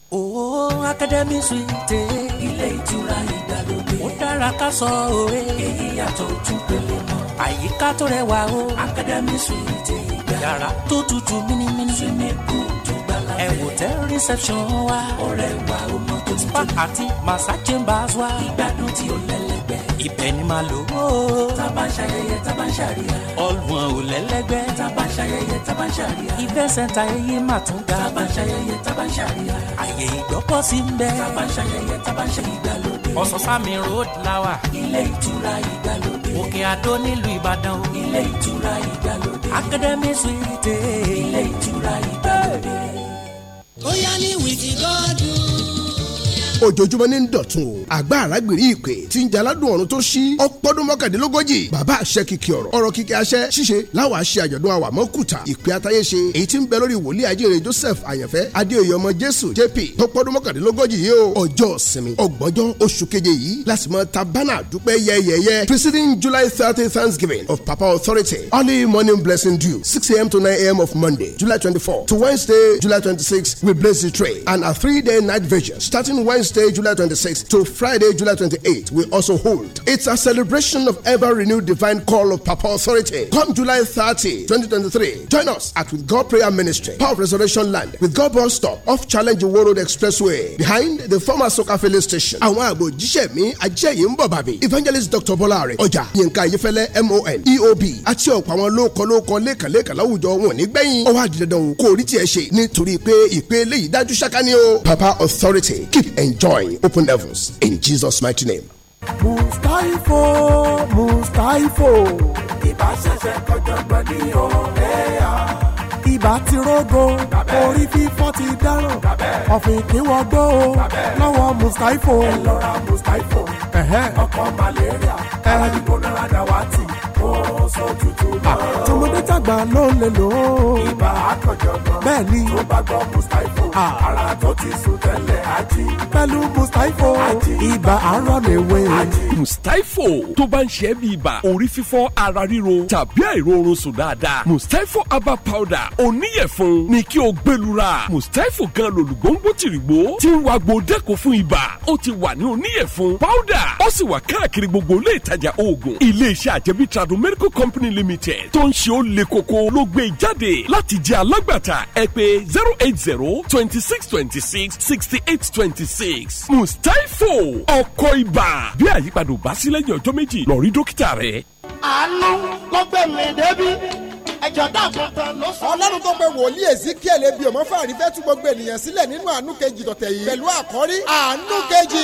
owó akademi suwite ilé ìtura ìgbàlódé ó dára ká sọ òwe èyí yàtọ̀ ojú pele mọ́ àyíká tó rẹwà o akademi suwite ìgbà yàrá tó tutù mímímí swimming pool tó gbàlà ẹ hotel reception wa ọ̀rẹ́ wa ó mọ tó ti tó spa àti massage chambers wa ìgbádùn tí ó lẹ́lẹ́ ibẹ̀ ni màá lò ó. tàbá ń ṣayẹyẹ tàbá ń ṣàríyá. ọlùwọ̀n ò lẹ́lẹ́gbẹ́. tàbá ń ṣayẹyẹ tàbá ń ṣàríyá. ìfẹ́ sẹ́ńtà ẹyẹ máa tún ga. tàbá ń ṣayẹyẹ tàbá ń ṣàríyá. àyè ìgbọ́pọ̀ sí ń bẹ. tàbá ń ṣayẹyẹ tàbá ń ṣe ìgbàlódé. ọ̀sánsámi road lawa. ilé ìtura ìgbàlódé. òkè àdó nílùú ìbàdàn o. ilé ìtura ìgbàlódé. academy suite. ilé ìtura ìgbàlódé. ó yá ní wìtí gọ́dún ojoojúmọ́ ní dọ̀tun o àgbà àràgbèrè ìpè tí ń jẹ aládùn ọ̀run tó ṣí ọpọ́dún mọ́kàndínlógójì bàbá àṣẹ kìkì ọ̀rọ̀ ọ̀rọ̀ kìkì àṣẹ ṣíṣe láwa ṣe àjọ̀dún àwàmọ́ kùtà ìpè àtayé èyí tí ń bẹ lórí wòlíì ajíire Joseph àyànfẹ́ adéoyè ọmọ Jésù JP tọpọ́dún mọ́kàndínlógójì yìí o ọjọ́ ìsinmi ọgbọ́njọ́ oṣù keje yìí láti mọ tabana dúpẹ́ yẹ́yẹ́yẹ́ preceding July thirty Thanksgiving of Papa Authority early morning blessing due six a.m. to nine a.m. of Monday July twenty-four to Wednesday July twenty-six we bless tray and a three-day night vigil starting Wednesday Thursday, July 26th to Friday, July 28th, we also hold. It's a celebration of ever renewed divine call of Papa authority. Come July 30, 2023, join us at With God Prayer Ministry, Power of Resurrection Land, with God Bus Stop off Challenge World Expressway, behind the former Soka filling station. Àwọn àgbò jíṣẹ́ mi ajẹ́yìn ń bọ̀ bàbí. Evangelist Dr. Bọ́láre, ọjà Yínká Ayéfẹ́lẹ́ MON, EOB àti ọ̀pọ̀ àwọn lóòkọ́ lóòkọ́ lẹ́kànlẹ́kàn láwùjọ wọn ní gbẹ̀yìn. Ọwọ́ àdìdàdàn kò rí tiẹ̀ ṣe nítorí pé ìpele yìí dájú ṣáká ni o. Papa authority keep enjoying join open heavens in Jesus' mighty name. mustaifo mustaifo ibà ṣẹ̀ṣẹ̀ kọjọ́ gbọ́dí o ẹ̀yà ibà ti rógo orí fífọ́ ti dáràn ọ̀fìn kí wọ́n gbó o lọ́wọ́ mustaifo ẹ lọ ra mustaifo ọkọ̀ malaria aládùúgbò náírà dàwátì ó sọ tútù lọ. tọmọdé tàgbà ló ń lè lò ó. ibà àkànjọ̀gbọ́n bẹ́ẹ̀ ni tó bá gbọ́ mustapho ah. ara tó ti sùn tẹ́lẹ̀ ají. pẹ̀lú Mustaifo ibà arọ lè wé. mustapho tó bá ń ṣe é bí ibà orí fífọ́ ara ríro tàbí àìróorun sùn dáadáa mustapho herbal powder oníyẹ̀fun ni kí o gbẹlura mustapho gan lòlùgbòǹgbò tìrìgbò ti ń wa gbòdẹ́kọ̀ fún ibà ó ti wà ní oníyẹ̀fun powder ó sì wà káàkiri gbogbo ilé ìtajà ìtajà oògùn iléeṣẹ́ àjẹbí tradomedical company limited tó ń ṣe ó le koko ló gbé e jáde láti jẹ́ alágbàtà ẹ pè zero eight zero twenty six twenty six sixty eight twenty six mustapho ọkọ̀ ibà bí àyípadà ò bá sí lẹ́yìn ọjọ́ méjì lọ rí dókítà rẹ. àánú ló gbẹ̀mí débi ẹ̀jẹ̀ dàgbọ́n tán ló sọ. ọlọ́run tó pe wòlíì ezekiel ebi òmò fàárí fẹ́ tú gbogbo ènìyàn sílẹ̀ nínú àánú kejì dọ̀tẹ̀ yìí pẹ̀lú àkọ́rí àánú kejì.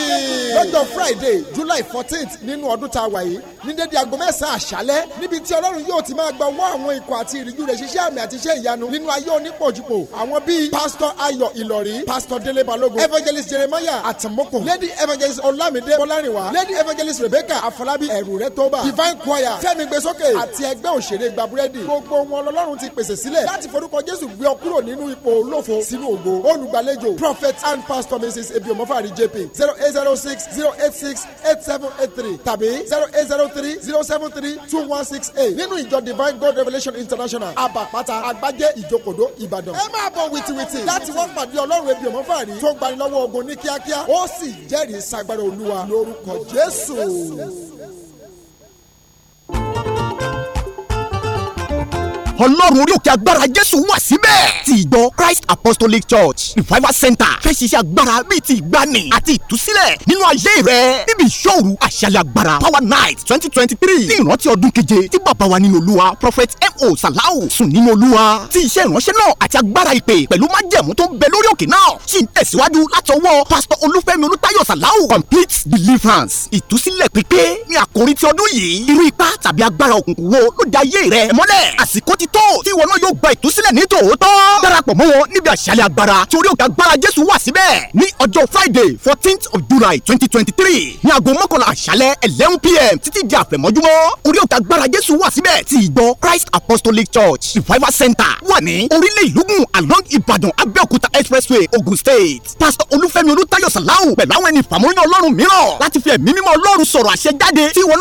lọ́jọ́ friday july fourteenth nínú ọdún tá a wà yìí ní dédé aago mẹ́sàn-án àṣálẹ́ níbi tí ọlọ́run yóò ti máa gba ọwọ́ àwọn ikọ̀ àti ìrìjú rẹ̀ ṣiṣẹ́ àmì àti iṣẹ́ ìyanu nínú ayé onípòjúpò àwọn bíi pastor ayọ̀ ìlọ̀rí pastor délé balógun evangelist jeremiah àtàmókò lady evangelist olamide bọ́lárìnwá lady evangelist rebecca afọlábí ẹ̀rù rẹ̀ tó bá divine choir fẹ́mi gbèsókè àti ẹgbẹ́ òṣèré gbaburẹ́dì gbogbo wọn lọ́lọ́run ti pèsè sílẹ̀ láti forúkọ jésù gbé ọ kúrò nínú ipò olófo sínú ògo olùgbàlejò prophet and pastor mrs ebiomofari jp zero eight zero six zero eight six eight seven eight three tàbí zero eight zero three zero seven three two one six eight nínú ìjọ divine god revelation international abapata agbájé ìjókòdó ìbàdàn. ẹ máa bọ̀ wìtìwìtì láti wọ́n pàdé ọlọ́run ebiomofari tó gbanilọ́wọ́ ogun ní kíákíá ó sì jẹ́rìí sagbára olúwa lórúkọ jésù. ọlọ́run orí òkè agbára jésù wà síbẹ̀. ti ìgbọ́ christ apostolic church revival center fẹ́ ṣiṣẹ́ agbára bíi ti ìgbani àti ìtúsílẹ̀ nínú ayé rẹ̀ níbi ìṣòro àṣàlẹ̀ agbára power night twenty twenty three ní ìrántí ọdún keje tí bàbá wa nínú olúwa prophet mo salau sùn nínú olúwa ti iṣẹ́ ìránṣẹ́ náà àti agbára ìpè pẹ̀lú májẹ̀mú tó ń bẹ lórí òkè náà ṣì ń tẹ̀síwájú látọwọ́ pastor olúfẹ́mi olútáyọ̀ salau complete deliverance ìtúsílẹ̀ pípé ní àkórí ti ọdún yìí irú ipá tàbí agbára òkùnkùn wo ló da ayé rẹ mọ́lẹ̀ àsìkò ti ti tó tí ìwọ náà yóò gba ìtúsílẹ̀ ní tòótọ́. darapọ̀ mọ́ wọn níbi àṣálẹ̀ agbára tí orí òkè agbára jésù wà síbẹ̀ ní ọjọ́ friday fourteenth of july twenty twenty three ní aago mọ́kànlá àṣálẹ̀ eleven pm títí di àfẹ̀mọ́júmọ́ orí òkè agbára jésù wà síbẹ̀ tí ìjọ christ apostolic church revival center wà ní orílẹ̀ ìlúgùn along ìbàdàn abẹ́òkúta expressway ogun state pastor olúfẹ́mi olùtayọ̀ sàláwù pẹ̀lú àwọn ẹni ìfàmúlò ọlọ́run mìíràn láti fi ẹ̀mí mímọ́ ọlọ́run sọ̀rọ̀ àṣẹ jáde tí ìwọ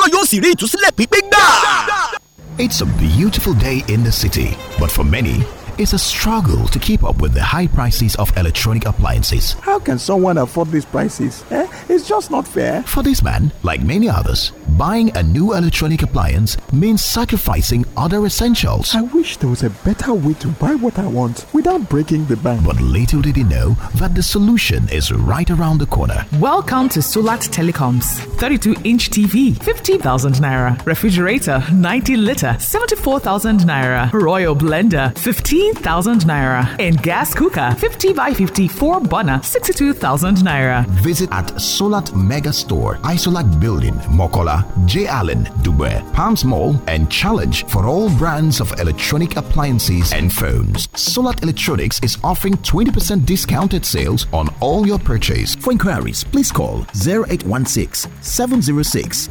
It's a beautiful day in the city, but for many, it's a struggle to keep up with the high prices of electronic appliances. How can someone afford these prices? Eh? It's just not fair. For this man, like many others, buying a new electronic appliance means sacrificing other essentials. I wish there was a better way to buy what I want without breaking the bank. But little did he know that the solution is right around the corner. Welcome to Sulat Telecoms 32 inch TV, 50,000 naira. Refrigerator, 90 liter, 74,000 naira. Royal blender, 15 15,000 naira. In gas Kuka 50 by fifty four 4 62,000 naira. Visit at Solat Mega Store, Isolat Building, Mokola, J. Allen, Dubai, Palms Mall, and Challenge for all brands of electronic appliances and phones. Solat Electronics is offering 20% discounted sales on all your purchase. For inquiries, please call 0816 706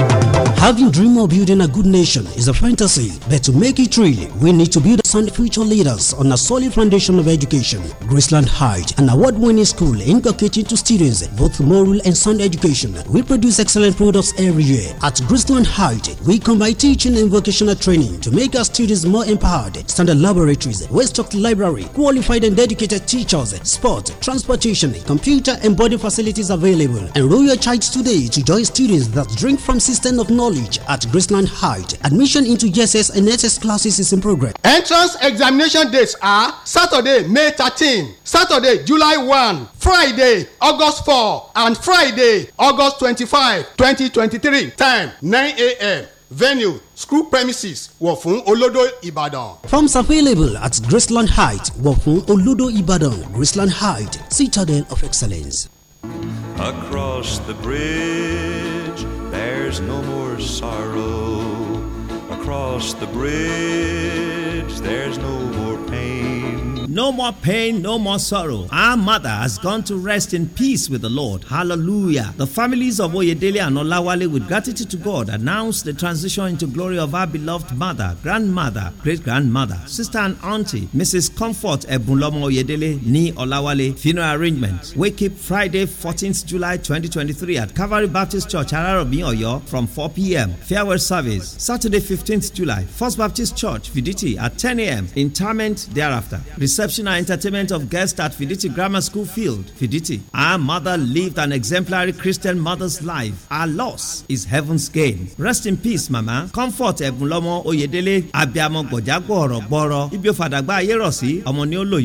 Having dream of building a good nation is a fantasy, but to make it real, we need to build sound future leaders on a solid foundation of education. Graceland High, an award-winning school inculcating to students both moral and sound education. We produce excellent products every year. At Graceland High. we combine teaching and vocational training to make our students more empowered. Standard laboratories, well-stocked library, qualified and dedicated teachers, sport, transportation, computer and body facilities available. Enroll your child today to join students that drink from system of knowledge College at Graceland Heights. Admission into JSS and NSS classes is in progress. Entrance examination dates are Saturday, May 13, Saturday, July 1, Friday, August 4, and Friday, August 25, 2023. Time 9 a.m. Venue school premises wọ̀ fún Olodo Ìbàdàn. Forms available at Graceland Heights wọ̀ fún Olodo Ìbàdàn, Graceland Heights, Citadel of Excellence. Across the bridge. there's no more sorrow. Across the bridge, there's no more pain. No more pain, no more sorrow. Our mother has gone to rest in peace with the Lord. Hallelujah. The families of Oyedele and Olawale, with gratitude to God, announce the transition into glory of our beloved mother, grandmother, great grandmother, sister, and auntie, Mrs. Comfort Ebunlomo Oyedele ni Olawale. Funeral arrangements. Wake up Friday, 14th July 2023 at Calvary Baptist Church, Ararobi, Oyo, from 4 p.m. Farewell service. Saturday, 15th July, First Baptist Church, Viditi, at 10 a.m. Interment thereafter. reception and entertainment of guests at Fiditi Grammar School Field, Fiditi. Our mother lived an exemplary Christian mother's life. Our loss is heaven's gain. Rest in peace, Mama. Comfort Ẹ̀bùnlọ́mọ Oyèdélé, Abiyamọ Gbọ̀jágbọ̀ ọ̀rọ̀ boro ibio fadagba yerosi ayé rọ̀ sí, ọmọ ni ó lò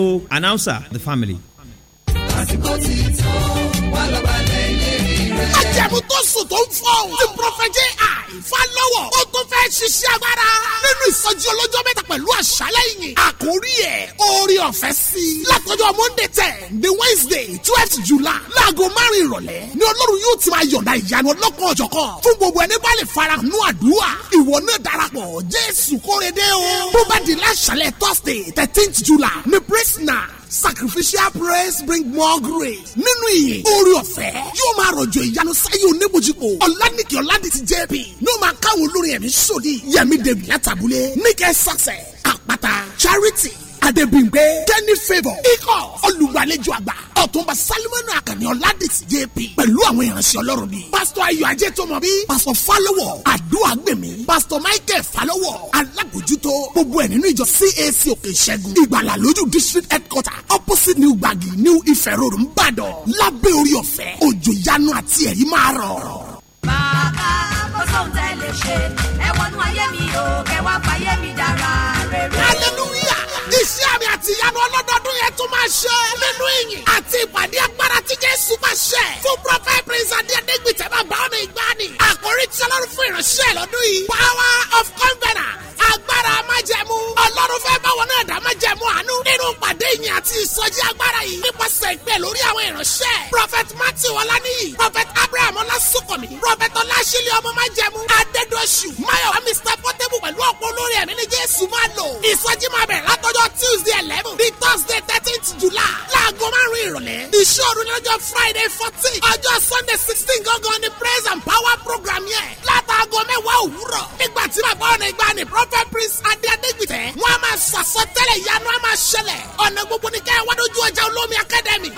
o, announcer, the family àsìkò ti tó wà lọ́balẹ̀ ilé rẹ̀. Ajẹ́mu tó sùn tó ń fọ́ o. Ti Prọfẹ̀jì Àìfálọ́wọ̀. Ó tún fẹ́ ṣiṣẹ́ agbára. Nínú ìsọjí ọlọ́jọ́ mẹ́ta pẹ̀lú àṣálẹ́ yìí. Àkórí ẹ̀ orí ọ̀fẹ́ sí. Látọjọ́ Monday ten the Wednesday twelfth July láago márùn-ún ìrọ̀lẹ́ ni Ọlọ́run yóò ti máa yọ̀ǹda ìyanu ọlọ́kan ọ̀jọ̀kan fún gbogbo ẹni bá lè farahàn àdúrà. Ìwọ náà darapọ̀ Jésù kórede o. Bó bá di láṣálẹ̀ Thursday thirteenth July ni praise sacrificial praise bring more grace. nínú ìyìn oore ọ̀fẹ́ yóò máa rọ̀jò ìyanu sáyé oníbojúpo ọ̀lànìkì ọ̀làdìtì jp ní o máa káwọn olórin ẹ̀mí sòdí yẹmí david látàbúlé níkẹ́ success àpáta charity adébíyìnpé kẹ́ni favour ikọ̀ olùgbàlejò àgbà ọ̀túnba salimani akànni ọ̀làdìsí jp pẹ̀lú àwọn ìránṣẹ́ ọlọ́run ni. pásítọ̀ ayọ̀ ajé tó mọ̀ bí. pásítọ̀ falọ́wọ̀ àdúrà gbèmí. pásítọ̀ michael falọ́wọ̀ alábòjútó gbogbo ẹ̀ nínú ìjọ cac òkè ìṣẹ́gun. ìgbàlà lójú district headquarter opposite new gbagi new ife road ńbàdàn lábẹ́ orí ọ̀fẹ́ òjò yanu àti ẹ̀yìn máa rọ̀. bàbá mọ́sán tẹ́lẹ̀ ṣe ẹ̀wọ̀n nú ayé mi ò kẹwàá fàyè mi dára rere. hallelujah iṣẹ́ àmì àti ìyanu ọlọ́dọọdún yẹn tún máa ṣe nínú ìyìn àti ìpàdé agbára tí Jésù máa ṣe fún Prophet Prince Adédégbìtẹ́ bàbá ọ̀nà ìgbani àkórí tí Ọlọ́run fún ìránṣẹ́ lọ́dún yìí power of covenant agbára májẹ̀mú ọlọ́run fẹ́ báwọn náà dá májẹ̀mú àánú nínú pàdé ìyìn àti ìsọjí agbára yìí nípasẹ̀ ìpè lórí àwọn ìránṣẹ́ prophet matthew ọláníyì prophet abraham ọlásùnkànmí prophet ọláṣílẹ̀ ọmọ májẹ̀mú adédọ́sù mayowa mr portable pẹ̀lú ọ̀pọ̀ olórí ẹ̀mí ni jésù máa lò ìsọjí máa bẹ̀rẹ̀ látọjọ́ tuesday eleven the thursday thirteenth july láago márùn-ún ìrọ̀lẹ́ ìṣòro ní ọjọ́ friday fourteen ọjọ́ sunday sixteen gangan ni praise and power program yẹn látàgọ́ mẹ́wàá òwúrọ̀ nígbà tí bàbá ọ̀nà ìgbà ni prop prince adéadégbìtẹ́ eh? wọ́n á máa ìyanu á máa ṣẹlẹ̀ ọ̀nà gbogbo ni wá ọjà olómi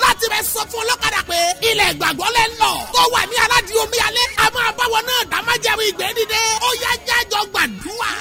láti bẹ sọ fún ọlọ́kadà pé ilẹ̀ ìgbàgbọ́ lẹ ń lọ wà ní aládìí omi alẹ́ a máa náà ìgbẹ́ dídé ó yá jájọ gbàdúrà.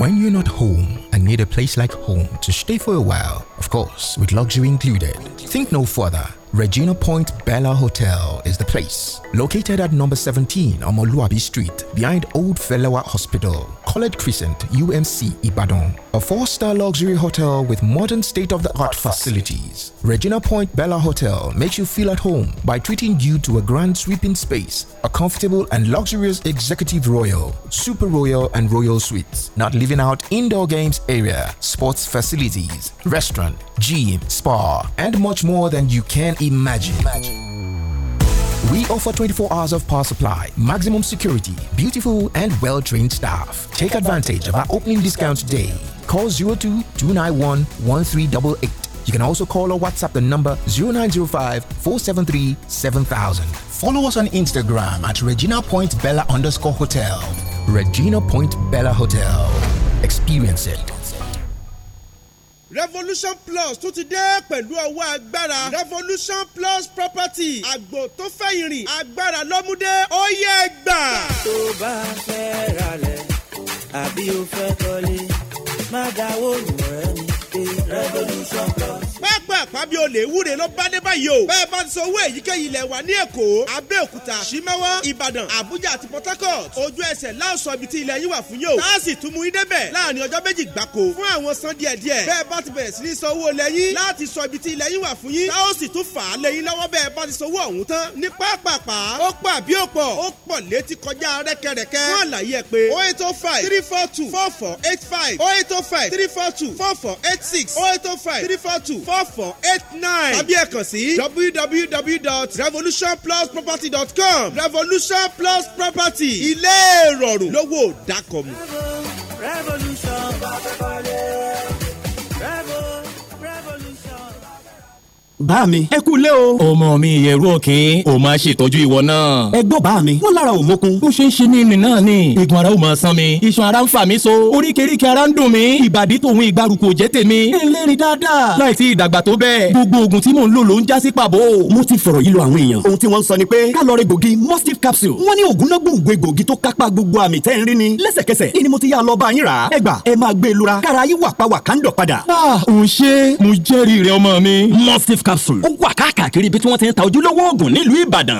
When you're not home and need a place like home to stay for a while, of course, with luxury included, think no further. Regina Point Bella Hotel is the place. Located at number 17 on Moluabi Street, behind Old Fellowa Hospital, College Crescent, UMC, Ibadan. A four star luxury hotel with modern state of the art facilities. Regina Point Bella Hotel makes you feel at home by treating you to a grand sweeping space, a comfortable and luxurious executive royal, super royal, and royal suites. Not leaving out indoor games area, sports facilities, restaurant, gym, spa, and much more than you can imagine. imagine. We offer 24 hours of power supply, maximum security, beautiful and well trained staff. Take advantage of our opening discount today. Call 02 291 1388. You can also call or WhatsApp the number 0905 473 7000. Follow us on Instagram at Regina Point Bella underscore hotel. Regina Point Bella Hotel. Experience it. revolution plus tún ti dé pẹ̀lú ọwọ́ agbára revolution plus property àgbò tó fẹ́ ìrìn agbára lọ́múdé ó yẹ gbà. tó bá fẹ́ ralẹ̀ àbí o fẹ́ kọ́lé má dáwọ́ lù ẹ́ ní pé revolution plus pápá bí olè wúre ló bá dé báyìí o. bẹ́ẹ̀ bá ń san owó èyíkéyìí ilẹ̀ wa ní èkó abẹ́òkúta ṣímẹ́wọ́ ìbàdàn àbújá àti port harcourt ojú ẹsẹ̀ láòsọ ibi tí ilẹ̀ yín wà fún yóò. táàsì tún mú idébẹ̀ láàrin ọjọ́ méjì gbáko fún àwọn san díẹ̀ díẹ̀. bẹ́ẹ̀ bá ti bẹ̀rẹ̀ sí ní san owó lẹ́yìn láti sọ ibi tí ilẹ̀ yín wà fún yín. táòsì tún fà á lẹ́yìn lọ́wọ́ bẹ́ẹ̀ bá ti sanwó ọ̀hún tán ní oh eight oh five three four two four four eight five oh eight oh five three four two four four eight six oh eight oh five three four two four four eight nine tàbí ẹ sí www.revolutionplusproperty.com revolution plus property ilé ìrọ̀rùn lówó dákọ̀mù. revolution bá fẹ́ kọ́lé. bá mi. ẹ kú lé o. ọmọ mi ìyẹ̀rú ọ̀kín ò máa ṣètọ́jú ìwọ náà. ẹ gbọ́ bá mi. wọ́n lára ò ó ṣe ń ṣe ní ìrìn náà ni. eegun ara ò máa san mi. iṣan ara ń fà mí so. oríkèéríkè ara ń dùn mí. ìbàdí tòun ìgbàrúkọ ò jẹ́ tèmi. ẹlẹ́rìí dáadáa. láì sí ìdàgbà tó bẹ́ẹ̀. gbogbo oògùn tí mò ń lò ló ń já sí pàbó. mo ti fọ̀rọ̀ yí lọ àwọn èèyàn. ohun tí wọ́n ń sọ ni pé kálọ̀rì capsule. wọ́n ní oògùn náà gbòǹgbò egbòogi ni. lẹ́sẹ̀kẹsẹ̀ ni mo ti yá lọ bá e lura. kára yí wà pa ah òun ṣe mo jẹ́rìí capsule ó wà káàkiri bí wọ́n ti ń ta ojúlówó oògùn nílùú Ìbàdàn